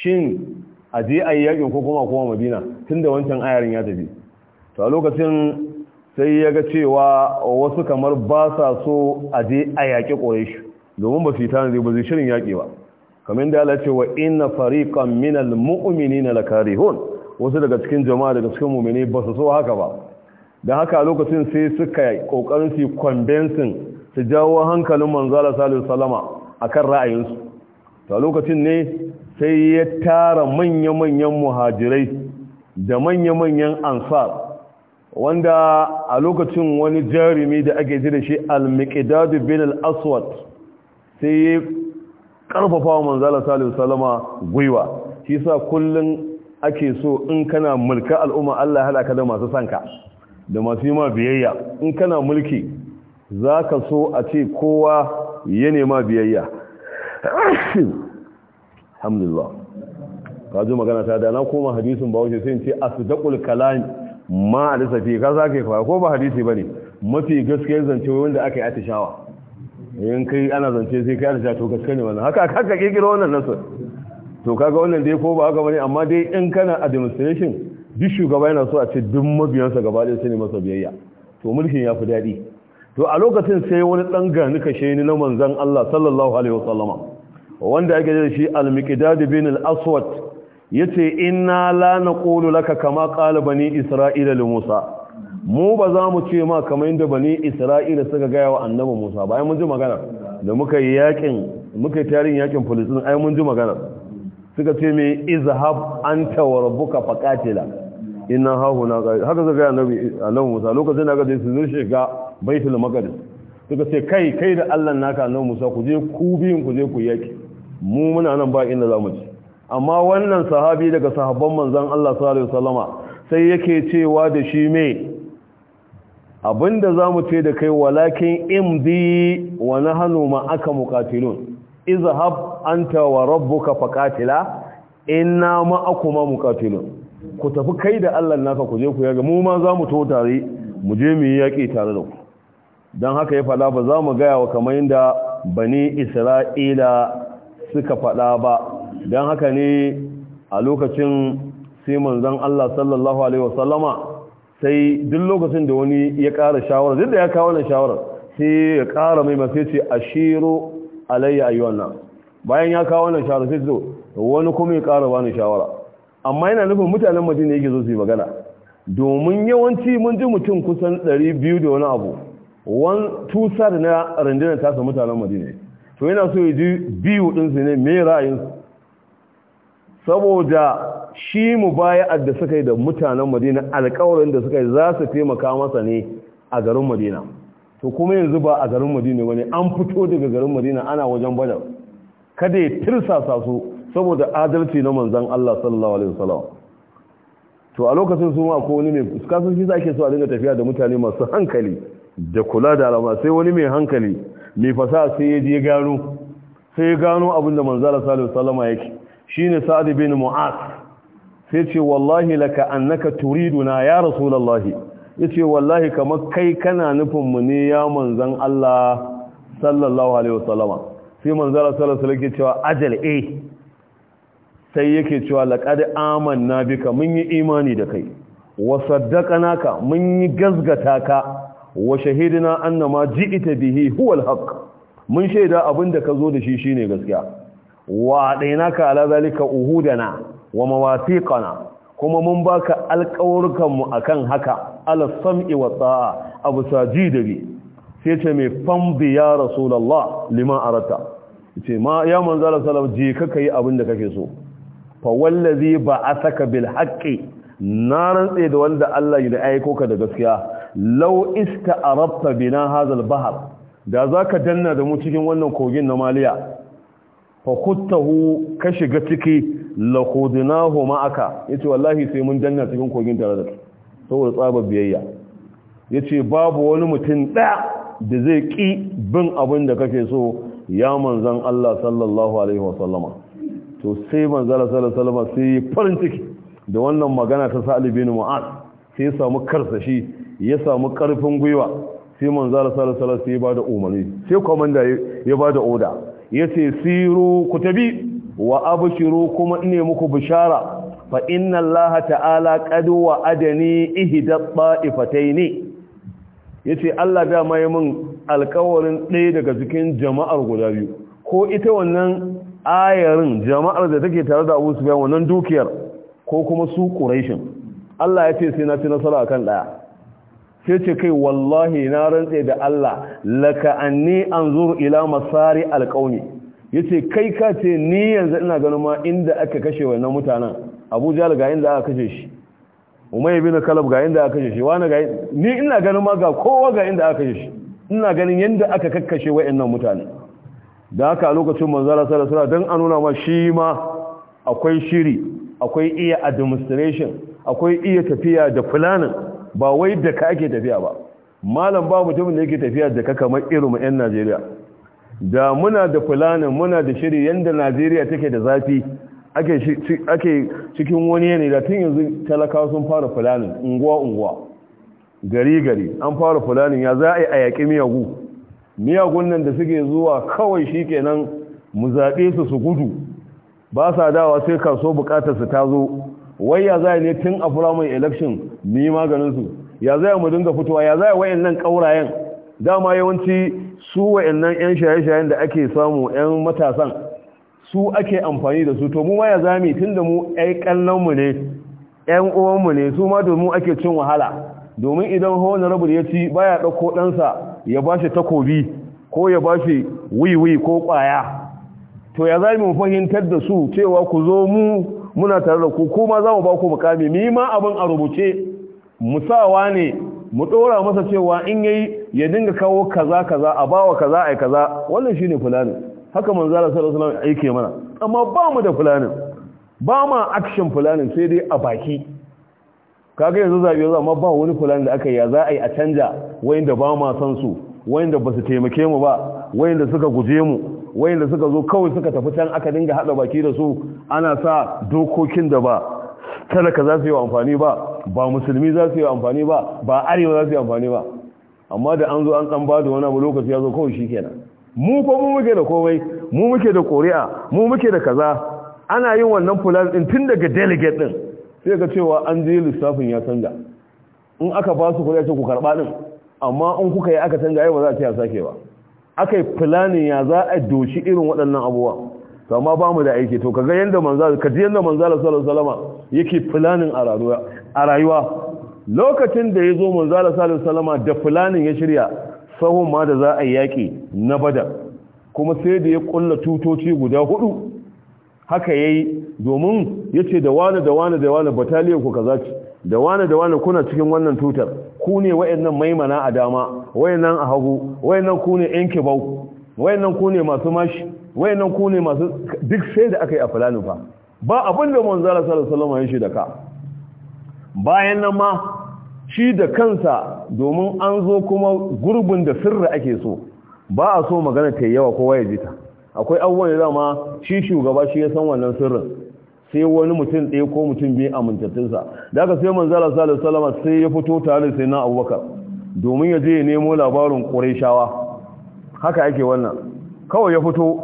shin a je a yi yakin ko kuma kuma madina tun da wancan ayarin ya tafi to a lokacin sai ya ga cewa wasu kamar ba sa so a je a yaƙi shi? domin ba su yi tanadi ba zai shirin yaƙi ba kamar da Allah ce wa ina fariqan minal na lakarihun wasu daga cikin jama'a daga cikin mummini ba su so haka ba Da haka lokacin sai suka kokarin su convincing su jawo hankalin manzala Salisu salama akan ra'ayinsu to lokacin ne sai ya tara manya-manyan muhajirai da manya-manyan ansar wanda a lokacin wani jarumi da ake ji da shi al-miqdadu bin al-aswad sai ya karfafa wa manzala Salisu salama gwiwa shi sa kullun ake so in kana mulka al'umma Allah halaka da masu sanka da masu yi ma biyayya in kana mulki za ka so a ce kowa ya nema biyayya alhamdulillah ka zo magana ta da na koma hadisin ba wuce sai in ce asdaqul kalam ma alisafi ka za ka yi ko ba hadisi ba ne mafi gaskiyar zance wanda aka yi atishawa in kai ana zance sai kai atishawa to gaske ne wannan haka haka kirkiro wannan nasu to kaga wannan dai ko ba haka bane amma dai in kana a demonstration duk shugaba yana so a ce duk mabiyansa gaba ɗaya sai ne masa biyayya to mulkin ya fi daɗi to a lokacin sai wani ɗan gani kashe ni na manzan Allah sallallahu alaihi wasallama wanda ake da shi al-miqdad bin al-aswad yace inna la naqulu laka kama qala bani isra'ila li musa mu ba za mu ce ma kamar yadda bani isra'ila suka gaya wa annabi musa bayan mun ji magana da muka yi yakin muka yi tarin yakin ai mun ji magana suka ce me izhab anta wa rabbuka faqatila inna hahuna gari haka zai gaya nabi annabi musa lokacin da aka je su zai shiga baitul maqdis suka ce kai kai da Allah naka annabi musa ku je ku biyun ku je ku yaki mu muna nan ba inda zamu ci amma wannan sahabi daga sahabban manzon Allah sallallahu alaihi wasallama sai yake cewa da shi me abinda zamu ce da kai walakin imdi wa nahnu ma aka muqatilun izhab anta wa rabbuka faqatila inna ma akuma muqatilun ku tafi kai da Allah naka ku je ku yaga mu ma za mu to tare mu je mu yi yaƙi tare da ku don haka ya faɗa ba za mu gaya wa kamar yadda bani isra'ila suka faɗa ba don haka ne a lokacin siman zan Allah sallallahu alaihi wasallama sai duk lokacin da wani ya ƙara shawara duk da ya kawo wannan shawarar sai ya ƙara mai masu ce shiro alayya nan bayan ya kawo wannan shawara sai zo wani kuma ya ƙara bani shawara amma yana nufin mutanen madina yake zo su yi magana domin yawanci mun ji mutum kusan 200 da wani abu wan tusa da na rundunar tasa mutanen madina to yana so ya ji biyu ɗinsu ne mai ra'ayinsu saboda shi mu baya adda suka yi da mutanen madina alkawarin da suka yi za su taimaka masa ne a garin madina to kuma yanzu ba a garin madina wani an fito daga garin madina ana wajen badar kada ya tirsasa su saboda adalci na manzan Allah sallallahu alaihi wasallam to a lokacin su ma ko wani mai kasan shi sake so a dinga tafiya da mutane masu hankali da kula da alama sai wani mai hankali mai fasaha sai ya je gano sai ya gano abin da manzan Allah sallallahu alaihi wasallam yake shine Sa'd bin Mu'az sai ce wallahi laka annaka turiduna ya rasulullahi yace wallahi kamar kai kana nufin mu ne ya manzan Allah sallallahu alaihi wasallama sai manzara Allah sallallahu alaihi wasallam cewa ajal eh sai yake cewa laqad amanna bika mun yi imani da kai wa ka mun yi gazgata ka wa shahidina annama ji'ita bihi huwal haqq mun shaida da ka zo da shi shine gaskiya wa ka ala zalika uhudana wa mawathiqana kuma mun baka alƙawurkan mu akan haka ala sam'i wa ta'a abu sajidabi sai ce mai fambi ya rasulullah liman arata ce ma ya manzo sallallahu alaihi je kaka yi abin da kake so fa wallazi ba asaka bil haqqi na rantse da wanda Allah ya aiko ka da gaskiya law ista'arabta bina hazal bahr da zaka danna da mu cikin wannan kogin na maliya fa kuttahu ka shiga ciki la khudnahu ma'aka yace wallahi sai mun danna cikin kogin tare da saboda tsaba biyayya yace babu wani mutum daya da zai ki bin abin da kake so ya manzan Allah sallallahu alaihi to sai manzala sallallahu alaihi sai ya farin ciki da wannan magana ta Sa'ad bin Mu'az sai ya samu karsashi ya samu karfin gwiwa sai manzala sallallahu alaihi sai ya bada umarni sai komanda ya bada oda Ya ce siru tabi wa abshiru kuma ne muku bishara fa inna Allah ta'ala qad wa'adani ihda ta'ifataini yace Allah da mai mun alƙawarin ɗaya daga cikin jama'ar guda biyu ko ita wannan ayarin jama'ar da take tare da Abu Sufyan wannan dukiyar ko kuma su Quraishin Allah ya ce sai na ci nasara akan daya sai ce kai wallahi na rantse da Allah laka anni anzuru ila masari Ya yace kai ka ce ni yanzu ina ganin ma inda aka kashe wannan mutanen Abu Jahl ga inda aka kashe shi Umayy bin Kalab ga inda aka kashe shi wani ga ni ina ganin ma ga kowa ga inda aka kashe shi ina ganin yanda aka kakkashe wayannan mutanen da haka a lokacin manzara sarasara don a nuna ma shi ma akwai shiri akwai iya administration akwai iya tafiya da fulanin ba wai da ka ake tafiya ba malam ba mutumin da yake tafiya da ka kamar irin 'yan najeriya da muna da fulanin muna da shiri yadda najeriya take da zafi ake cikin wani yanayi da tun yanzu talakawa sun fara fulanin unguwa-unguwa gari-gari an fara fulanin ya za a yi a yaƙi miyagu miyagun nan da suke zuwa kawai shi nan mu zaɓe su su gudu ba sa dawa sai kaso bukatar su ta zo wai ya zai ne tun a primary election mu yi maganin su ya zai mu dinga fitowa ya wayan nan kaurayen dama yawanci su wayannan yan shaye-shayen da ake samu yan matasan su ake amfani da su to mu ma ya zami tun tunda mu ƴan kallon mu ne ƴan uwan mu ne su ma domin ake cin wahala domin idan rabu ya ci baya ɗauko ɗansa ya ba shi takobi ko ya ba shi wiwi ko kwaya to ya za mu fahimtar da su cewa ku zo mu muna tare da ku kuma za mu ba ku mukami mi ma abin a rubuce mu wa ne mu ɗora masa cewa in yayi ya dinga kawo kaza kaza a bawa kaza ai kaza wannan shine fulani haka manzala sallallahu alaihi wasallam aiki mana amma ba mu da fulani ba ma action fulani sai dai a baki kaga yanzu zabe yanzu amma ba wani plan da aka yi ya za a yi a canja wayanda ba ma san su wayanda ba su taimake mu ba wayanda suka guje mu wayanda suka zo kawai suka tafi can aka dinga hada baki da su ana sa dokokin da ba talaka za su yi amfani ba ba musulmi za su yi amfani ba ba arewa za su yi amfani ba amma da an zo an dan bada wani abu lokaci ya zo kawai shikenan mu ko mu muke da komai mu muke da ƙuri'a mu muke da kaza ana yin wannan plan din tun daga delegate din sai ga cewa an je lissafin ya canza in aka ba su kuri a ku karɓa ɗin amma in kuka yi aka canza ai ba za a ce a sake ba aka yi filanin ya za a doshi irin waɗannan abubuwa to amma ba mu da aiki to kaga yanda manzal ka ji yanda manzal sallallahu alaihi wasallama yake filanin a rayuwa a rayuwa lokacin da yazo zo sallallahu alaihi wasallama da filanin ya shirya sahun ma da za a yaki na badar kuma sai da ya kulla tutoci guda hudu haka yayi domin yace da wane da wane da wane bataliyar ku kaza ce da wane da wane kuna cikin wannan tutar ku ne wayannan maimana a dama wayannan a hagu wayannan ku ne yan kibau wayannan ku ne masu mashi wayannan ku ne masu duk sai da aka yi a fulani fa ba abin da manzara sallallahu alaihi wasallam ya shi da ka bayan nan ma shi da kansa domin an zo kuma gurbin da sirri ake so ba a so magana ta yawa kowa ya ji ta akwai abubuwan da ma shi shugaba shi ya san wannan sirrin sai wani mutum ɗaya ko mutum biyu a amintattunsa da aka sai manzala sallallahu alaihi sai ya fito tare sai na abubakar domin ya je ya nemo labarin ƙurashawa. haka yake wannan kawai ya fito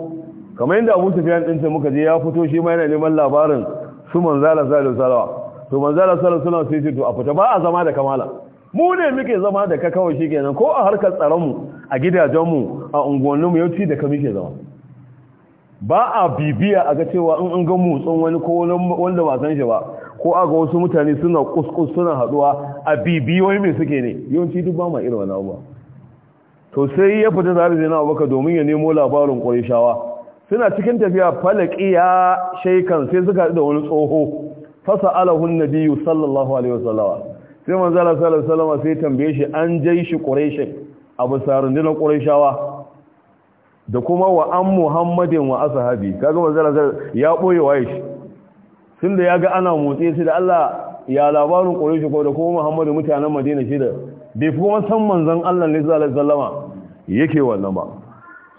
kamar yadda abu sufiyan ɗin muka je ya fito shi ma yana neman labarin su manzala sallallahu alaihi to manzala sallallahu alaihi sai ce to a fita ba a zama da kamala mu ne muke zama da ka kawai shi kenan ko a harkar tsaronmu a gidajenmu a unguwanninmu yau ci da ka muke zama ba a bibiya a ga cewa in an ga motsin wani ko wanda ba san shi ba ko a ga wasu mutane suna kuskus suna haduwa a bibiyo mai suke ne yawanci duk ba ma irin wani abu to sai ya fita zari da nawa baka domin ya nemo labarin ƙwarishawa suna cikin tafiya falaki ya shaikan sai suka da wani tsoho fasa alahun nabiyu sallallahu alaihi wasallama sai manzala sallallahu alaihi sai tambaye shi an jai shi ƙwarishin a bisa ƙwarishawa da kuma wa an muhammadin wa asahabi kaga manzara ya boye waye shi ya ga ana motsi shi da Allah ya labarin shi ko da kuma muhammadu mutanen madina shi da bai fi kuma san manzon Allah ne sallallahu alaihi yake wannan ba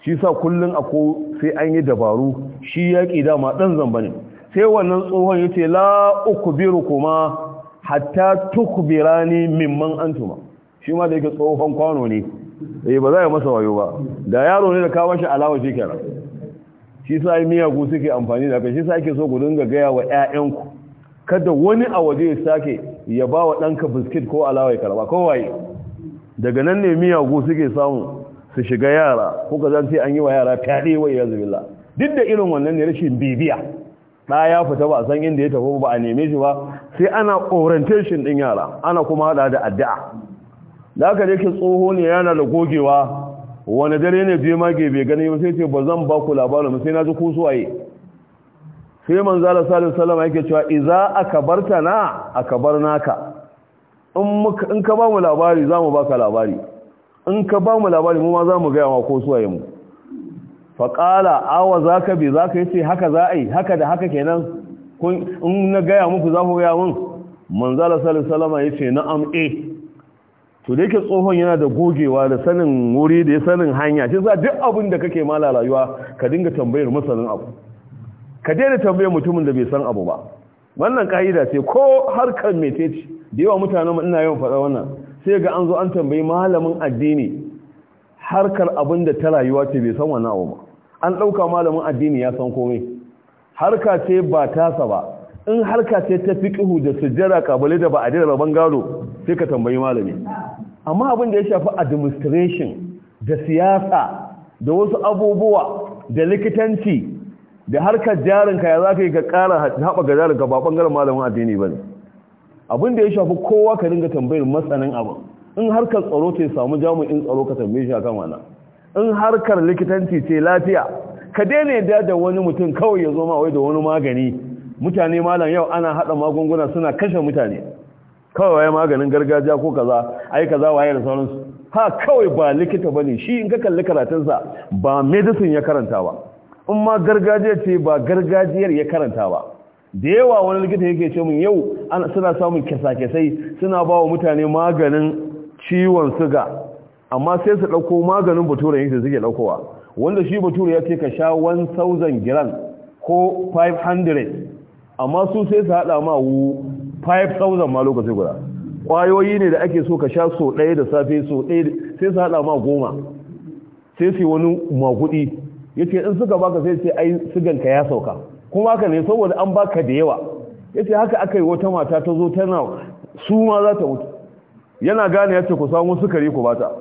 shi sa kullun ko sai an yi dabaru shi yaki dama dan zamba ne sai wannan tsohon yace la kuma hatta tukbirani mimman antuma shi ma da yake tsohon kwano ne eh ba za ya masa wayo ba da yaro ne da kawo shi alawa shi kenan shi sa miyagu suke amfani da kai shi sa ake so ku dinga gaya wa 'ya'yanku kada wani a waje ya sake ya ba wa ɗanka biskit ko alawa ya karba waye daga nan ne miyagu suke samu su shiga yara ko ka zan ce an yi wa yara fyaɗe wa iya zubilla duk da irin wannan ne rashin bibiya ɗa ya fita ba a san inda ya tafi ba a neme shi ba sai ana orientation din yara ana kuma haɗa da addu'a da aka yake tsoho ne yana da gogewa wani dare ne je mage bai gani ba sai ce ba zan ba ku labarin sai na ji ku ayi sai manzala salisu salama yake cewa iza aka barta na aka bar naka in ka ba mu labari za mu ba ka labari in ka ba mu labari mu ma za mu gaya ma ko ayi mu faƙala awa za ka bi za ka yi ce haka za a yi haka da haka kenan in na gaya muku za ku gaya mun manzala salisu salama yake ce na'am eh to da yake tsohon yana da gogewa da sanin wuri da ya sanin hanya shi za duk abin da kake mala rayuwa ka dinga tambayar masanin abu ka daina tambayar mutumin da bai san abu ba wannan ka'ida ce ko harkar meteci da yawa mu ina yawan faɗa wannan sai ga an zo an tambayi malamin addini harkar abin da ta rayuwa ce bai san wannan abu ba an ɗauka malamin addini ya san komai harka ce ba tasa ba in harka sai ta fi fiqhu da sujjara kabale da ba a dira rabon gado sai ka tambayi malami amma abin da ya shafi administration da siyasa da wasu abubuwa da likitanci da harkar jarinka ya za ka yi ka ƙara haɓaka jarinka ba ɓangaren malamin addini ba ne abin da ya shafi kowa ka dinga tambayar matsanin abu. in harkar tsaro ce samu jami'in tsaro ka tambaye shi a kan in harkar likitanci ce lafiya ka daina yadda da wani mutum kawai ya zo ma wai da wani magani mutane malam yau ana hada magunguna suna kashe mutane kawai waye maganin gargajiya ko kaza ai kaza waye da sauransu ha kawai ba likita bane shi in ka kalli karatunsa ba medicine ya karanta ba in ma gargajiya ce ba gargajiyar ya karanta ba da yawa wani likita yake ce min yau suna samun kyasa-kyasai suna ba wa mutane maganin ciwon suga amma sai su ɗauko maganin bature yake suke ɗaukowa wanda shi bature ya ce ka sha 1000 giran ko 500 amma su sai su haɗa ma wu 5,000 ma lokaci guda ƙwayoyi ne da ake so ka sha so ɗaya da safe so ɗaya sai su haɗa ma goma sai su wani maguɗi ya in suka baka sai ce ai siganka ya sauka kuma haka ne saboda an baka da yawa ya haka aka yi wata mata ta zo tana su ma za ta mutu yana gane ya ce ku samu sukari ku bata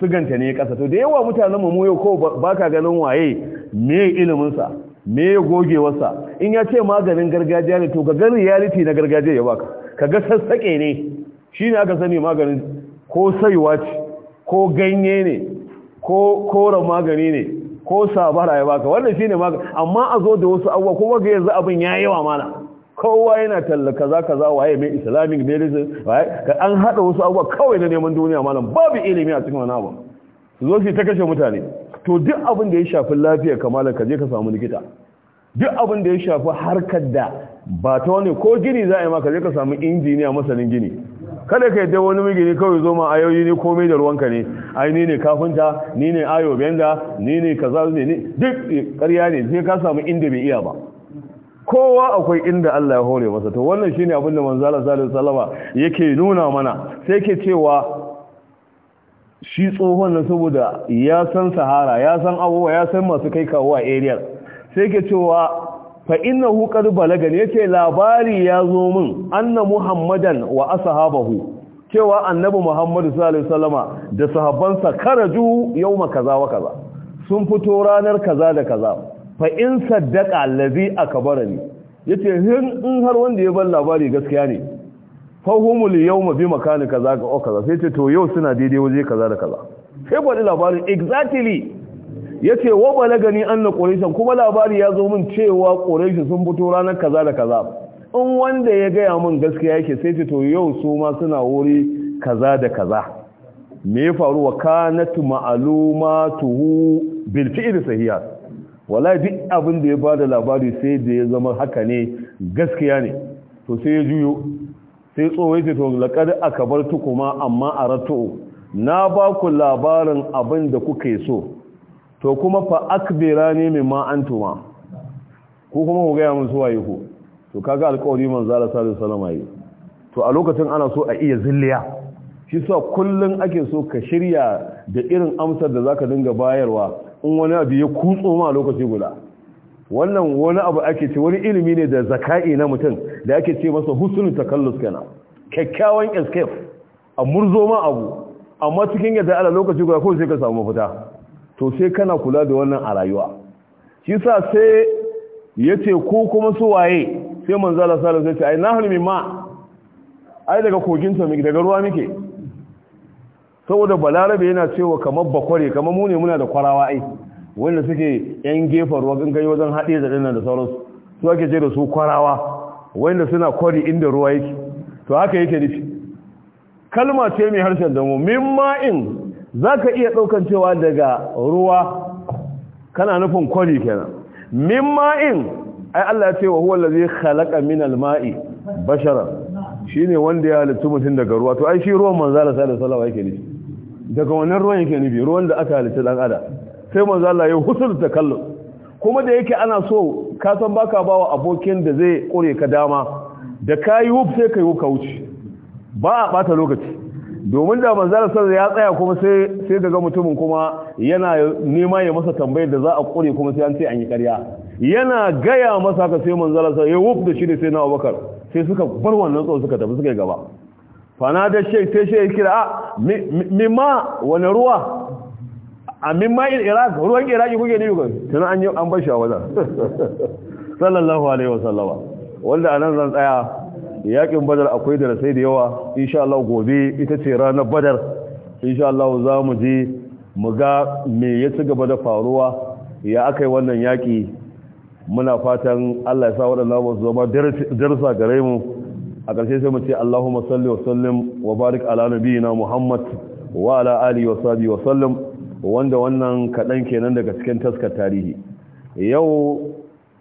siganta ne ƙasa to da yawa mutanen mu yau ko baka ganin waye me iliminsa me ya goge wasa in ya ce maganin gargajiya ne to ga gan reality na gargajiya ya baka ka ga sassaƙe ne shi ne aka sani maganin ko saiwa ce ko ganye ne ko koren magani ne ko sabara ya baka wannan shi ne magani amma a zo da wasu abuwa kuma ga yanzu abin ya yi yawa mana kowa yana talla kaza kaza waye mai islamic medicine ka an hada wasu abubuwa kawai na neman duniya malam babu ilimi a cikin wani abu zo shi ta kashe mutane to duk abin da ya shafi lafiya kamala ka je ka samu likita duk abin da ya shafi harkar da ba ta wani ko gini za a yi maka je ka samu injiniya masanin gini kada ka yadda wani migini kawai zo ma ayoyi ne komai da ruwanka ne ai ni ne kafinta ni ne ayo benda ni ne kaza ne duk ƙarya ne sai ka samu inda bai iya ba kowa akwai inda Allah ya hore masa to wannan shine abin da manzo Allah sallallahu alaihi wasallama yake nuna mana sai yake cewa shi tsohon nan saboda ya san sahara ya san abubuwa ya san masu kai kawo a ariyar sai ke cewa fa inna hukar balagan ya ce labari ya zo min anna muhammadan wa asahabahu cewa annabi muhammadu sallallahu salama da sahabbansa karaju yau ma kaza wa kaza sun fito ranar kaza da kaza fa in a kabarani Ya ce hin har wanda ya ban labari gaskiya ne fahimul yau ma bi makani kaza ga o kaza sai ce to yau suna daidai waje kaza da kaza sai labarin exactly ya ce wa balaga an na ƙorishin kuma labari ya zo min cewa ƙorishin sun fito ranar kaza da kaza in wanda ya gaya min gaskiya yake sai ce to yau su ma suna wuri kaza da kaza me ya faru wa ma'aluma tuhu, bil fi'l sahiha wallahi duk abin da ya bada labari sai da ya zama haka ne gaskiya ne to sai ya juyo sai tsohon ce to laƙar aka bar tukuma amma a ratu na ba ku labarin abin da kuke so to kuma fa akbira ne mai ma'antuma ko kuma ku gaya mun suwa yi ku to kaga alƙawari man zala sa da salama yi to a lokacin ana so a iya zilliya shi sa kullum ake so ka shirya da irin amsar da zaka dinga bayarwa in wani abu ya kutso ma lokaci guda wannan wani abu ake ce wani ilimi ne da zaka'i na mutum da ake ce masa husnul takallus kana kyakkyawan escape a murzo ma abu amma cikin yadda ala lokaci guda ko sai ka samu mafita to sai kana kula da wannan a rayuwa shi sa sai yace ko kuma su waye sai Manzala Allah sallallahu alaihi wasallam ya ce ai nahnu mimma ai daga kogin ta daga ruwa muke saboda balarabe yana cewa kamar bakware kamar mu ne muna da kwarawa ai wanda suke yan gefen ruwa gangayi wajen haɗe da ɗinnan da sauransu su ake ce da su kwarawa wanda suna kwari inda ruwa yake to haka yake nufi kalma ce mai harshen damu min ma'in za ka iya ɗaukan cewa daga ruwa kana nufin kwari kenan min ma'in ai Allah ya ce wa huwa allazi khalaqa min al-ma'i bashara shine wanda ya halittu mutum daga ruwa to ai shi ruwan manzala sallallahu alaihi wasallam yake nufi daga wannan ruwan yake nufi ruwan da aka halitta dan adam sai manzo Allah ya husul takallum kuma da yake ana so ka san baka bawa abokin da zai kore ka dama da kai wuf sai kai ka wuce ba a bata lokaci domin da manzo Allah sai ya tsaya kuma sai sai daga mutumin kuma yana nema ya masa tambayar da za a kore kuma sai an ce an yi ƙarya yana gaya masa ka sai manzo Allah ya wuf da shi ne sai na Abubakar sai suka bar wannan tsawon suka tafi suka yi gaba fana da shi sai ya kira a ah, mimma wani ruwa amin ma'il iraq ruwan iraki kuke ne kuke tunan an yi an bashi a wajen sallallahu alaihi wasallama wanda a nan zan tsaya yakin badar akwai da rasai da yawa insha Allah gobe ita ce ranar badar insha Allah za mu je mu ga me ya ci gaba da faruwa ya yi wannan yaki muna fatan Allah ya sa waɗannan ba su zama darsa gare mu a ƙarshe sai mu ce Allahumma salli wa sallim wa barik ala nabiyina Muhammad wa ala alihi wa sahbihi wa sallam wanda wannan kaɗan kenan daga cikin taskar tarihi yau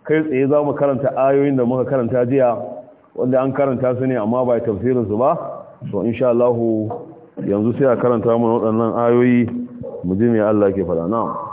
kai tsaye za mu karanta ayoyin da muka karanta jiya wanda an karanta su ne amma ba tafsirinsu ba to insha Allah yanzu sai a karanta mu waɗannan ayoyi mu ji me Allah ke faɗa na'am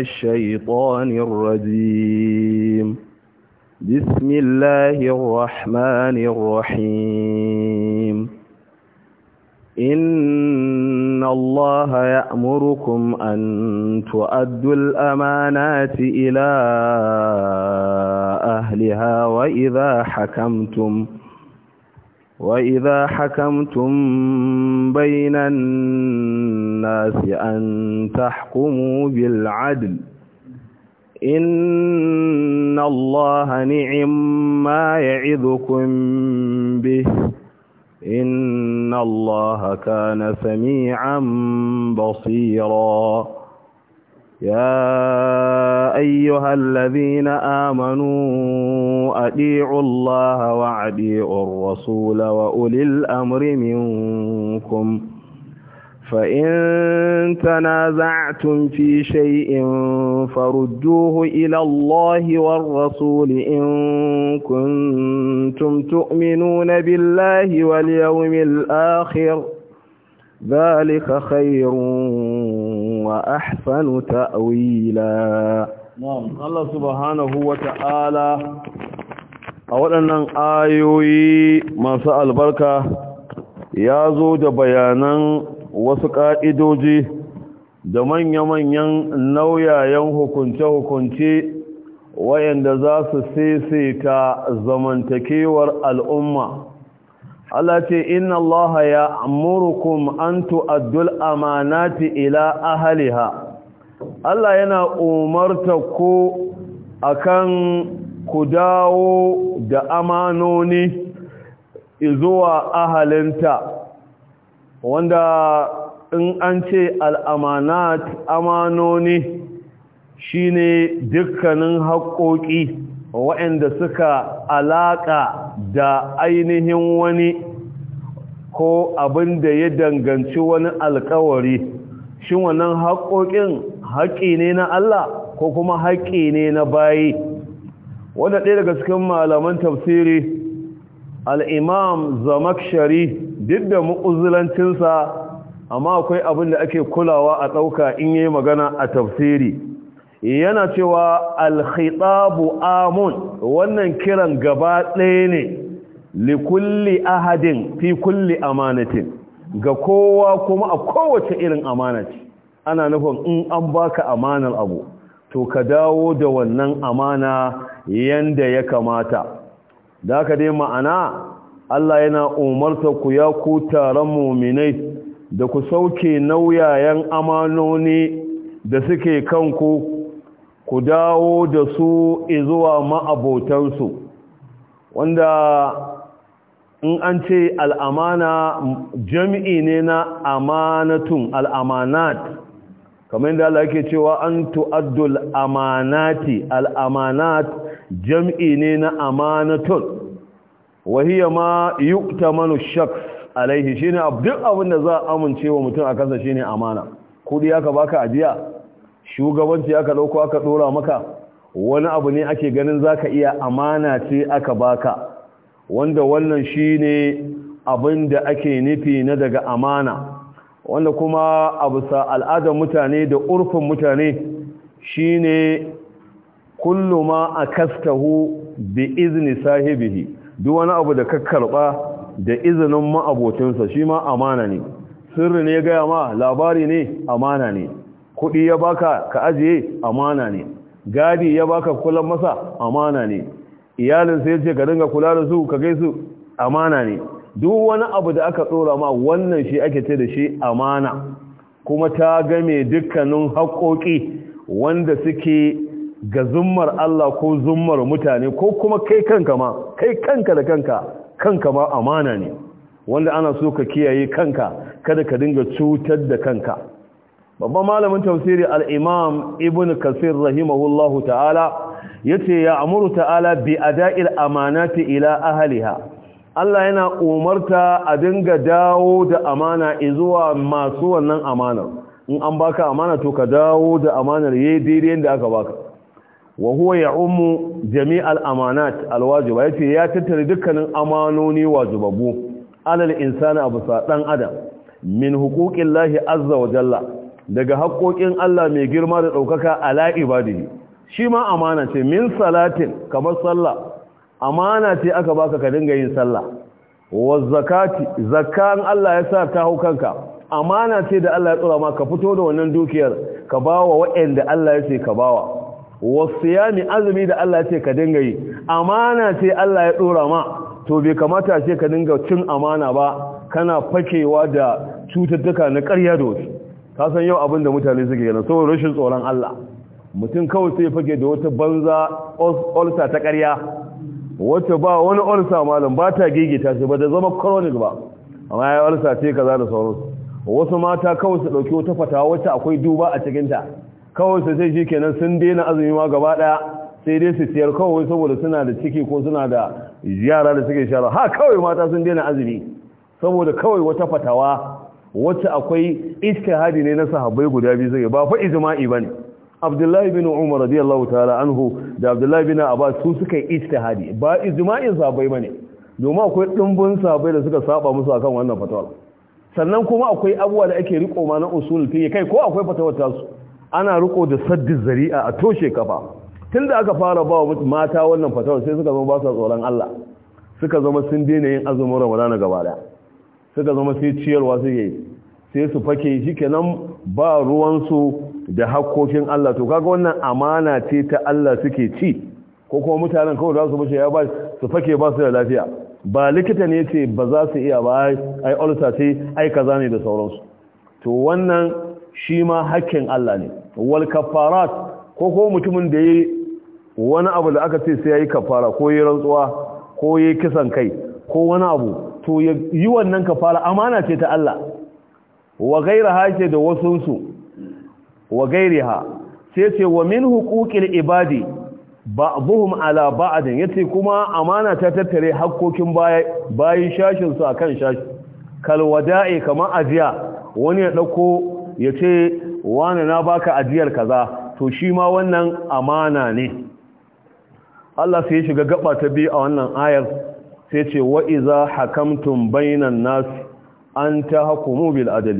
الشيطان الرجيم بسم الله الرحمن الرحيم إن الله يأمركم أن تؤدوا الأمانات إلى أهلها وإذا حكمتم وإذا حكمتم بين الناس أن تحكموا بالعدل إن الله نعم ما يعظكم به إن الله كان سميعا بصيراً يا أيها الذين آمنوا اطيعوا الله واطيعوا الرسول وأولي الأمر منكم فإن تنازعتم في شيء فردوه إلى الله والرسول إن كنتم تؤمنون بالله واليوم الآخر ذلك خير واحسن تاويلا نعم الله سبحانه وتعالى waɗannan ayoyi masu albarka ya zo da bayanan wasu ƙa’idoji da manya-manyan nauyayen hukunce-hukunce wayanda za su sisita zamantakewar al’umma Allah ce inna Allah ya amurukum an tu'addul amanati ila ahliha Allah yana umarta ku akan ku dawo da amanoni zuwa ahalinta wanda in an ce al'amanat amanoni shine dukkanin haƙoƙi waɗanda suka alaƙa da ainihin wani ko abin da ya danganci wani alkawari shin wannan haƙoƙin haƙi ne na Allah ko kuma haƙi ne na bayi wanda ɗaya daga cikin malaman tafsiri al'imam zamakshari duk da mu'uzulancinsa amma akwai abin da ake kulawa a ɗauka in yi magana a tafsiri yana cewa alkhitabu amun wannan kiran gaba ɗaya ne kulli ahadin fi kulli amanatin ga kowa kuma a kowace irin amanaci ana nufin in an baka amanar abu to ka dawo da wannan amana yanda ya kamata da ka dai ma'ana Allah yana umarta ku ya ku taron muminai da ku sauke nauyayen amanoni da suke kanku ku dawo da su zuwa ma'abotansu wanda in an ce al'amana jami'i ne na amanatun al'amanat kamar yadda Allah yake cewa an tu'addul amanati al'amanat jam'i ne na amanatun wahiya ma manu shaks alaihi Shi ne abin da za a amince wa mutum a kansa ne amana kudi aka baka ajiya shugabanci aka ɗauko aka ɗora maka wani abu ne ake ganin za ka iya amana ce aka baka wanda wannan shi ne abin da ake nufi na daga amana wanda kuma a bisa al'adar mutane da urfin mutane shi ne kulluma a kastahu bi izini sahibihi duk wani abu da ka da izinin ma'abotinsa shi ma amana ne sirri ne gaya ma labari ne amana ne kuɗi ya baka ka ajiye amana ne gadi ya baka kula masa amana ne iyalin sai ce ka dinga kula da su ka gaisu amana ne duk wani abu da aka tsora ma wannan shi ake ce da shi amana kuma ta game dukkanin haƙoƙi wanda suke ga zummar Allah ko zummar mutane ko kuma kai kanka ma kai kanka da kanka kanka ma amana ne wanda ana so ka kiyaye kanka kada ka dinga cutar da kanka babban malamin tafsiri al-imam ibn kasir rahimahullahu ta'ala yace ya amuru ta'ala bi ada'il amanati ila ahliha Allah yana umarta a dinga dawo da amana zuwa masu wannan amanar in an baka amana to ka dawo da amanar yayi daidai yanda aka baka wa huwa ya'ummu jami'al amanat alwajiba yace ya tattare dukkanin amanoni wajibabu alal insani abu sa dan adam min huquqillahi azza wa jalla daga haƙoƙin Allah mai girma da ɗaukaka ala ibadihi shi ma amana ce min salatin kamar sallah amana ce aka baka ka dinga yin sallah wa zakati zakan Allah ya sa ta kanka. amana ce da Allah ya tsora ma ka fito da wannan dukiyar ka bawa waɗanda Allah ya ce ka bawa siyami azumi da Allah ya ce ka dinga yi amana ce Allah ya tsora ma to bai kamata ce ka dinga cin amana ba kana fakewa da cututtuka na ƙarya da wasu ka san yau abin da mutane suke gani saboda rashin tsoron Allah mutum kawai sai fage da wata banza olsa ta ƙarya wata ba wani olsa malam ba ta gigita shi ba da zama chronic ba amma ya olsa ce kaza da su wasu mata kawai su ɗauki wata fatawa wacce akwai duba a cikin ta kawai su sai kenan sun daina azumi ma gaba daya sai dai su ciyar kawai saboda suna da ciki ko suna da yara da suke shara ha kawai mata sun daina azumi saboda kawai wata fatawa wacce akwai iska hadi ne na sahabbai guda biyu zai ba fa ijma'i bane Abdullahi bin Umar radiyallahu ta'ala anhu da Abdullahi bin Abbas su suka yi ijtihadi ba ijma'in sahabbai bane domin akwai dumbun sahabbai da suka saba musu akan wannan fatawa sannan kuma akwai abuwa da ake riko ma na usul fi kai ko akwai fatawar tasu ana riko da saddi zari'a a toshe kafa tunda aka fara ba mata wannan fatawar sai suka zama ba su tsoron Allah suka zama sun daina yin azumin Ramadana gaba daya suka zama sai ciyarwa su yi sai su fake shi kenan ba ruwansu da hakkokin Allah to kaga wannan amana ce ta Allah suke ci ko kuma mutanen kawai za su mace ya ba su fake ba su da lafiya ba likita ne ce ba za su iya ba ai ulsa ce ai kaza ne da sauransu to wannan shi ma hakkin Allah ne wal kafarat ko ko mutumin da yi wani abu da aka ce sai yayi kafara ko yi rantsuwa ko yi kisan kai ko wani abu to yi wannan kafara amana ce ta Allah wa ha ce da wasunsu wa ha. sai ce wa min hukukin ibadi ba buhum ala ba'd yace kuma amana ta tattare hakkokin bayan shashin su akan shashi kal wada'i kamar ajiya wani ya dauko yace wani na baka ajiyar kaza to shi ma wannan amana ne Allah sai ya shiga gaba ta biyu a wannan ayar sai ce wa'iza iza hakamtum bainan nas an ta tahkumu bil adl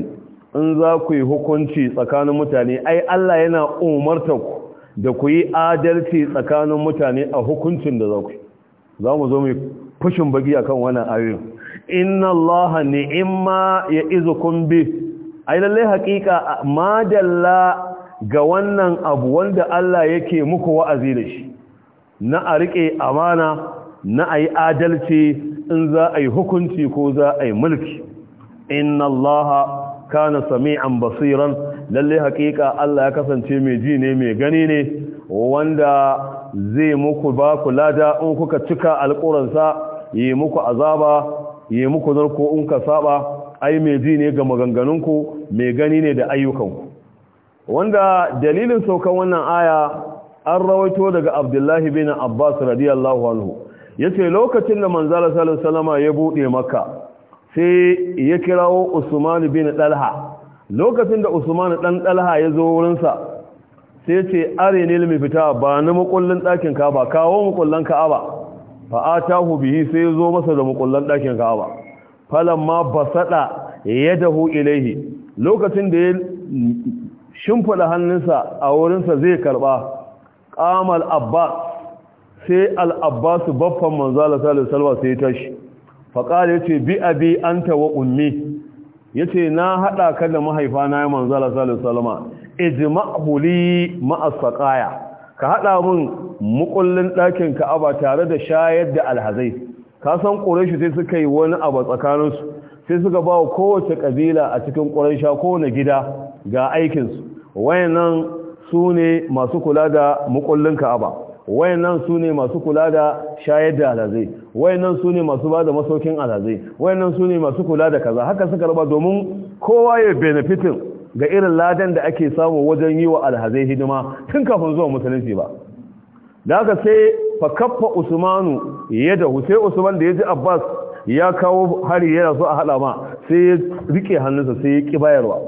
in za ku yi hukunci tsakanin mutane ai Allah yana umarta ku da ku yi adalci tsakanin mutane a hukuncin da za ku za mu zo mu fushin baki akan wannan ayoyin inna Allah ni'imma ya'izukum bi ai lalle haƙiƙa madalla ga wannan abu wanda Allah yake muku wa'azi da shi na a riƙe amana na a adalci in za a yi hukunci ko za a yi mulki inna allaha kana sami'an basiran lalle haƙiƙa Allah ya kasance mai ji ne mai gani ne wanda zai muku ba ku lada in kuka cika alƙuransa yi muku azaba yi muku zarko in ka saba ai mai ji ne ga maganganunku mai gani ne da ayyukanku wanda dalilin saukan wannan aya an rawaito daga abdullahi bin abbas radiyallahu anhu yace lokacin da manzala sallallahu salama ya bude maka sai ya kirawo Usman bin ɗalha lokacin da Usman dan ɗalha ya zo wurin sa sai ce are ne limi fita ba ni makullin ɗakin ba kawo makullin ba fa atahu bihi sai ya zo masa da makullin ɗakin Ka'aba falamma basada yadahu ilaihi lokacin da ya shimfida hannunsa a wurinsa zai karba qamal abbas sai alabbasu baffan manzo Allah sallallahu sai tashi fa ya yace bi abi anta wa ya yace na haɗa ka da mahaifa na manzo Allah sallallahu alaihi wasallam ijma'hu ka haɗa mun mukullin ɗakin Ka'aba tare da shayar da alhazai ka san quraishi sai suka yi wani abu tsakaninsu sai suka ba kowace ƙabila a cikin quraisha kowane gida ga aikinsu wayannan su ne masu kula da mukullin Ka'aba wayannan su ne masu kula da shayar da alazai wayannan su ne masu ba da masaukin alazai wayannan su ne masu kula da kaza haka suka raba domin kowa ya benefitin ga irin ladan da ake samu wajen yi wa alhazai hidima tun kafin zuwa musulunci ba da haka sai fakaffa usmanu ya dahu sai usman da ya ji abbas ya kawo hari yana so a hada ma sai ya rike hannunsa sai ya ki bayarwa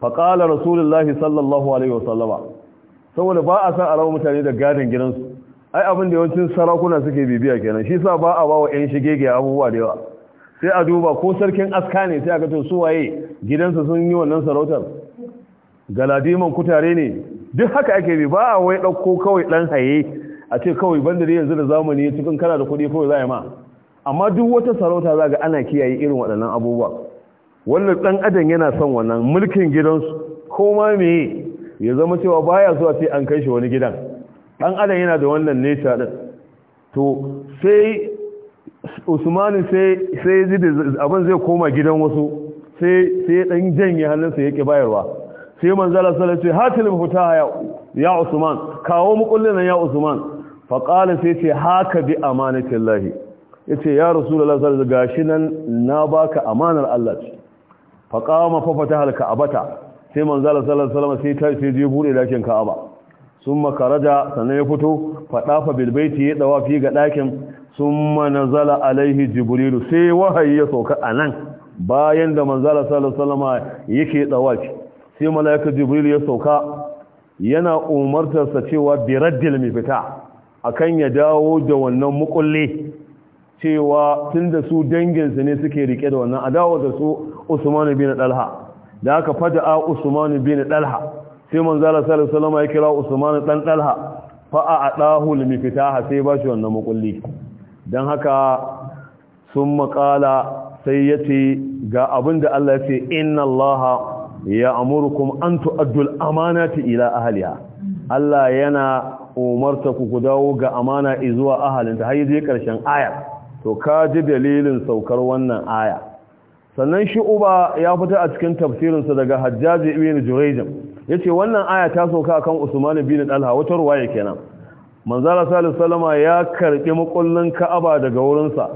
faqala rasulullahi sallallahu alaihi wasallama saboda ba a san a raba mutane da gadin gidansu ai abin da yawancin sarakuna suke bibiya kenan shi sa ba a ba wa 'yan ga abubuwa da yawa sai a duba ko sarkin aska ne sai a gato su waye gidansu sun yi wannan sarautar galadiman kutare ne duk haka ake bi ba a wai ɗauko kawai ɗan haye a ce kawai banda da yanzu da zamani cikin kana da kudi kawai za a yi ma amma duk wata sarauta za ga ana kiyaye irin waɗannan abubuwa wannan dan adam yana son wannan mulkin gidansu ko ma meye ya zama cewa baya zuwa sai an kai shi wani gidan dan adam yana da wannan nesa din to sai usmanin sai sai abin zai koma gidan wasu sai sai dan janye hannunsa yake bayarwa sai manzala sallallahu alaihi hatil mutaha ya ya usman kawo mukullin nan ya usman fa qala sai ce haka bi amanatillahi yace ya rasulullah sallallahu alaihi gashi nan na baka amanar Allah fa qama fa fataha al abata sai manzala sallallahu alaihi wasallam sai ta sai je bude dakin Ka'aba summa karaja sannan ya fito fadafa bil baiti ya dawa fi ga dakin summa nazala alaihi jibril sai wahayi ya sauka anan bayan da manzala sallallahu alaihi wasallam yake shi sai malaika jibril ya sauka yana umartarsa cewa bi raddil mifta akan ya dawo da wannan mukulli cewa tunda su danginsa ne suke rike da wannan a da su Usman bin Talha da aka fada a usman bin dalha sai manzala sallallahu alaihi wasallam ya kira usman dan dalha fa a adahu limiftaha sai ba shi wannan makulli dan haka sun makala sai yace ga abinda Allah yace inna allaha ya'murukum an tu'addu al-amanati ila ahliha Allah yana umarta ku ku dawo ga amana zuwa ahalinta har yi karshen aya ayar to ka ji dalilin saukar wannan aya sannan shi uba ya fita a cikin tafsirinsa daga hajjaji ibn jurayj yace wannan aya ta soka kan usman bin talha wata ruwaya kenan manzala sallallahu salama ya karbi makullin ka'aba daga wurinsa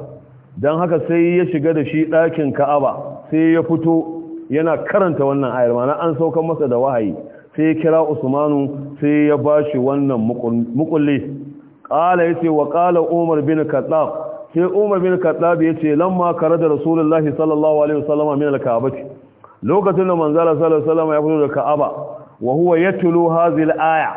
dan haka sai ya shiga da shi ɗakin ka'aba sai ya fito yana karanta wannan ayar mana an sauka masa da wahayi sai ya kira usmanu sai ya bashi wannan mukulli qala yace wa qala umar bin khattab sai umar bin khattab ya ce lamma kare da rasulullahi sallallahu alaihi wasallam min al-ka'bati lokacin da Manza sallallahu alaihi wasallam ya fito da ka'aba wa huwa yatlu hadhihi al-aya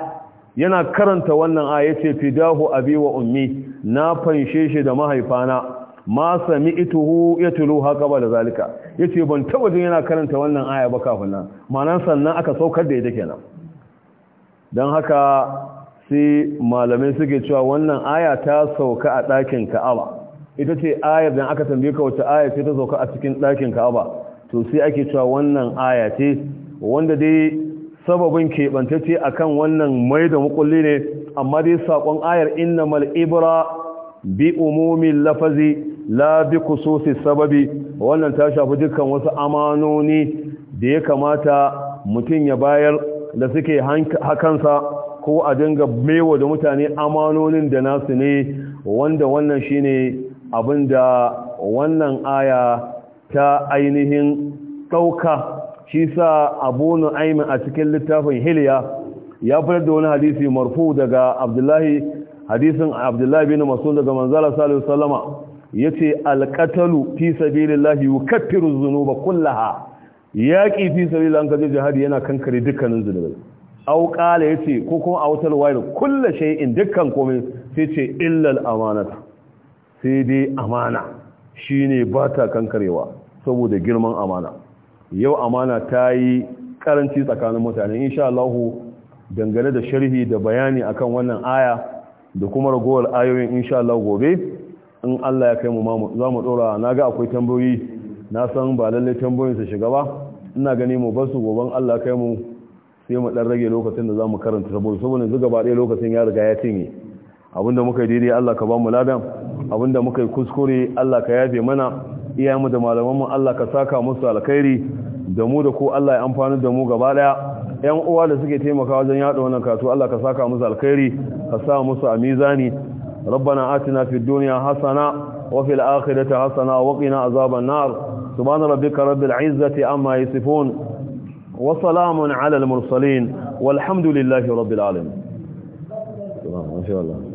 yana karanta wannan aya yace fidahu abi wa ummi na fanshe shi da mahaifana ma sami'tuhu yatlu ha qabal zalika yace ban taba jin yana karanta wannan aya ba kafin nan sannan aka saukar da ita kenan dan haka sai malamai suke cewa wannan aya ta sauka a ɗakin ka'aba ita ce ayar da aka tambaye ka wace aya ce ta sauka a cikin ɗakin Ka'aba to sai ake cewa wannan aya ce wanda dai sababin a akan wannan mai da mukulli ne amma dai saƙon ayar innamal ibra bi umumin lafazi la bi kususi sababi wannan ta shafi dukkan wasu amanoni da ya kamata mutum ya bayar da suke hakansa ko a dinga mewa da mutane amanonin da nasu ne wanda wannan shine da wannan aya ta ainihin ɗauka shi sa abu nu'aimi a cikin littafin hiliya ya fitar da wani hadisi marfu daga abdullahi hadisin abdullahi bin masu daga manzala Salama. Ya ce alkatalu fi sabilillahi yukaffiru dhunuba kullaha ƙi fi sabilillahi kaje jihadi yana kankare dukkanin zunubai aw ya ce ko kuma a wutar wayar kulla shaiin dukkan komai sai ce illal amanata sai dai amana shine ba ta kankarewa saboda girman amana yau amana ta yi karanci tsakanin mutane insha Allahu dangane da sharhi da bayani akan wannan aya da kuma ragowar ayoyin insha Allah gobe in Allah ya kai mu za mu dora ga akwai tambayoyi na san ba lalle tambayoyin su shiga ba ina gani mu basu goban Allah kai mu sai mu dan rage lokacin da za mu karanta saboda saboda zuga ba ɗaya lokacin ya riga ya cinye abinda muka yi daidai Allah ka ba mu ladan abinda muka yi kuskure Allah ka yafe mana iyayenmu da malamanmu Allah ka saka musu alkhairi da mu da ku Allah ya amfani da mu gaba daya yan uwa da suke taimakawa wajen yada wannan karatu Allah ka saka musu alkhairi ka sa musu a mizani ربنا آتنا في الدنيا حسنة وفي الآخرة حسنة وقنا عذاب النار سبحان ربك رب العزة عما يصفون وسلام على المرسلين والحمد لله رب العالمين ما شاء الله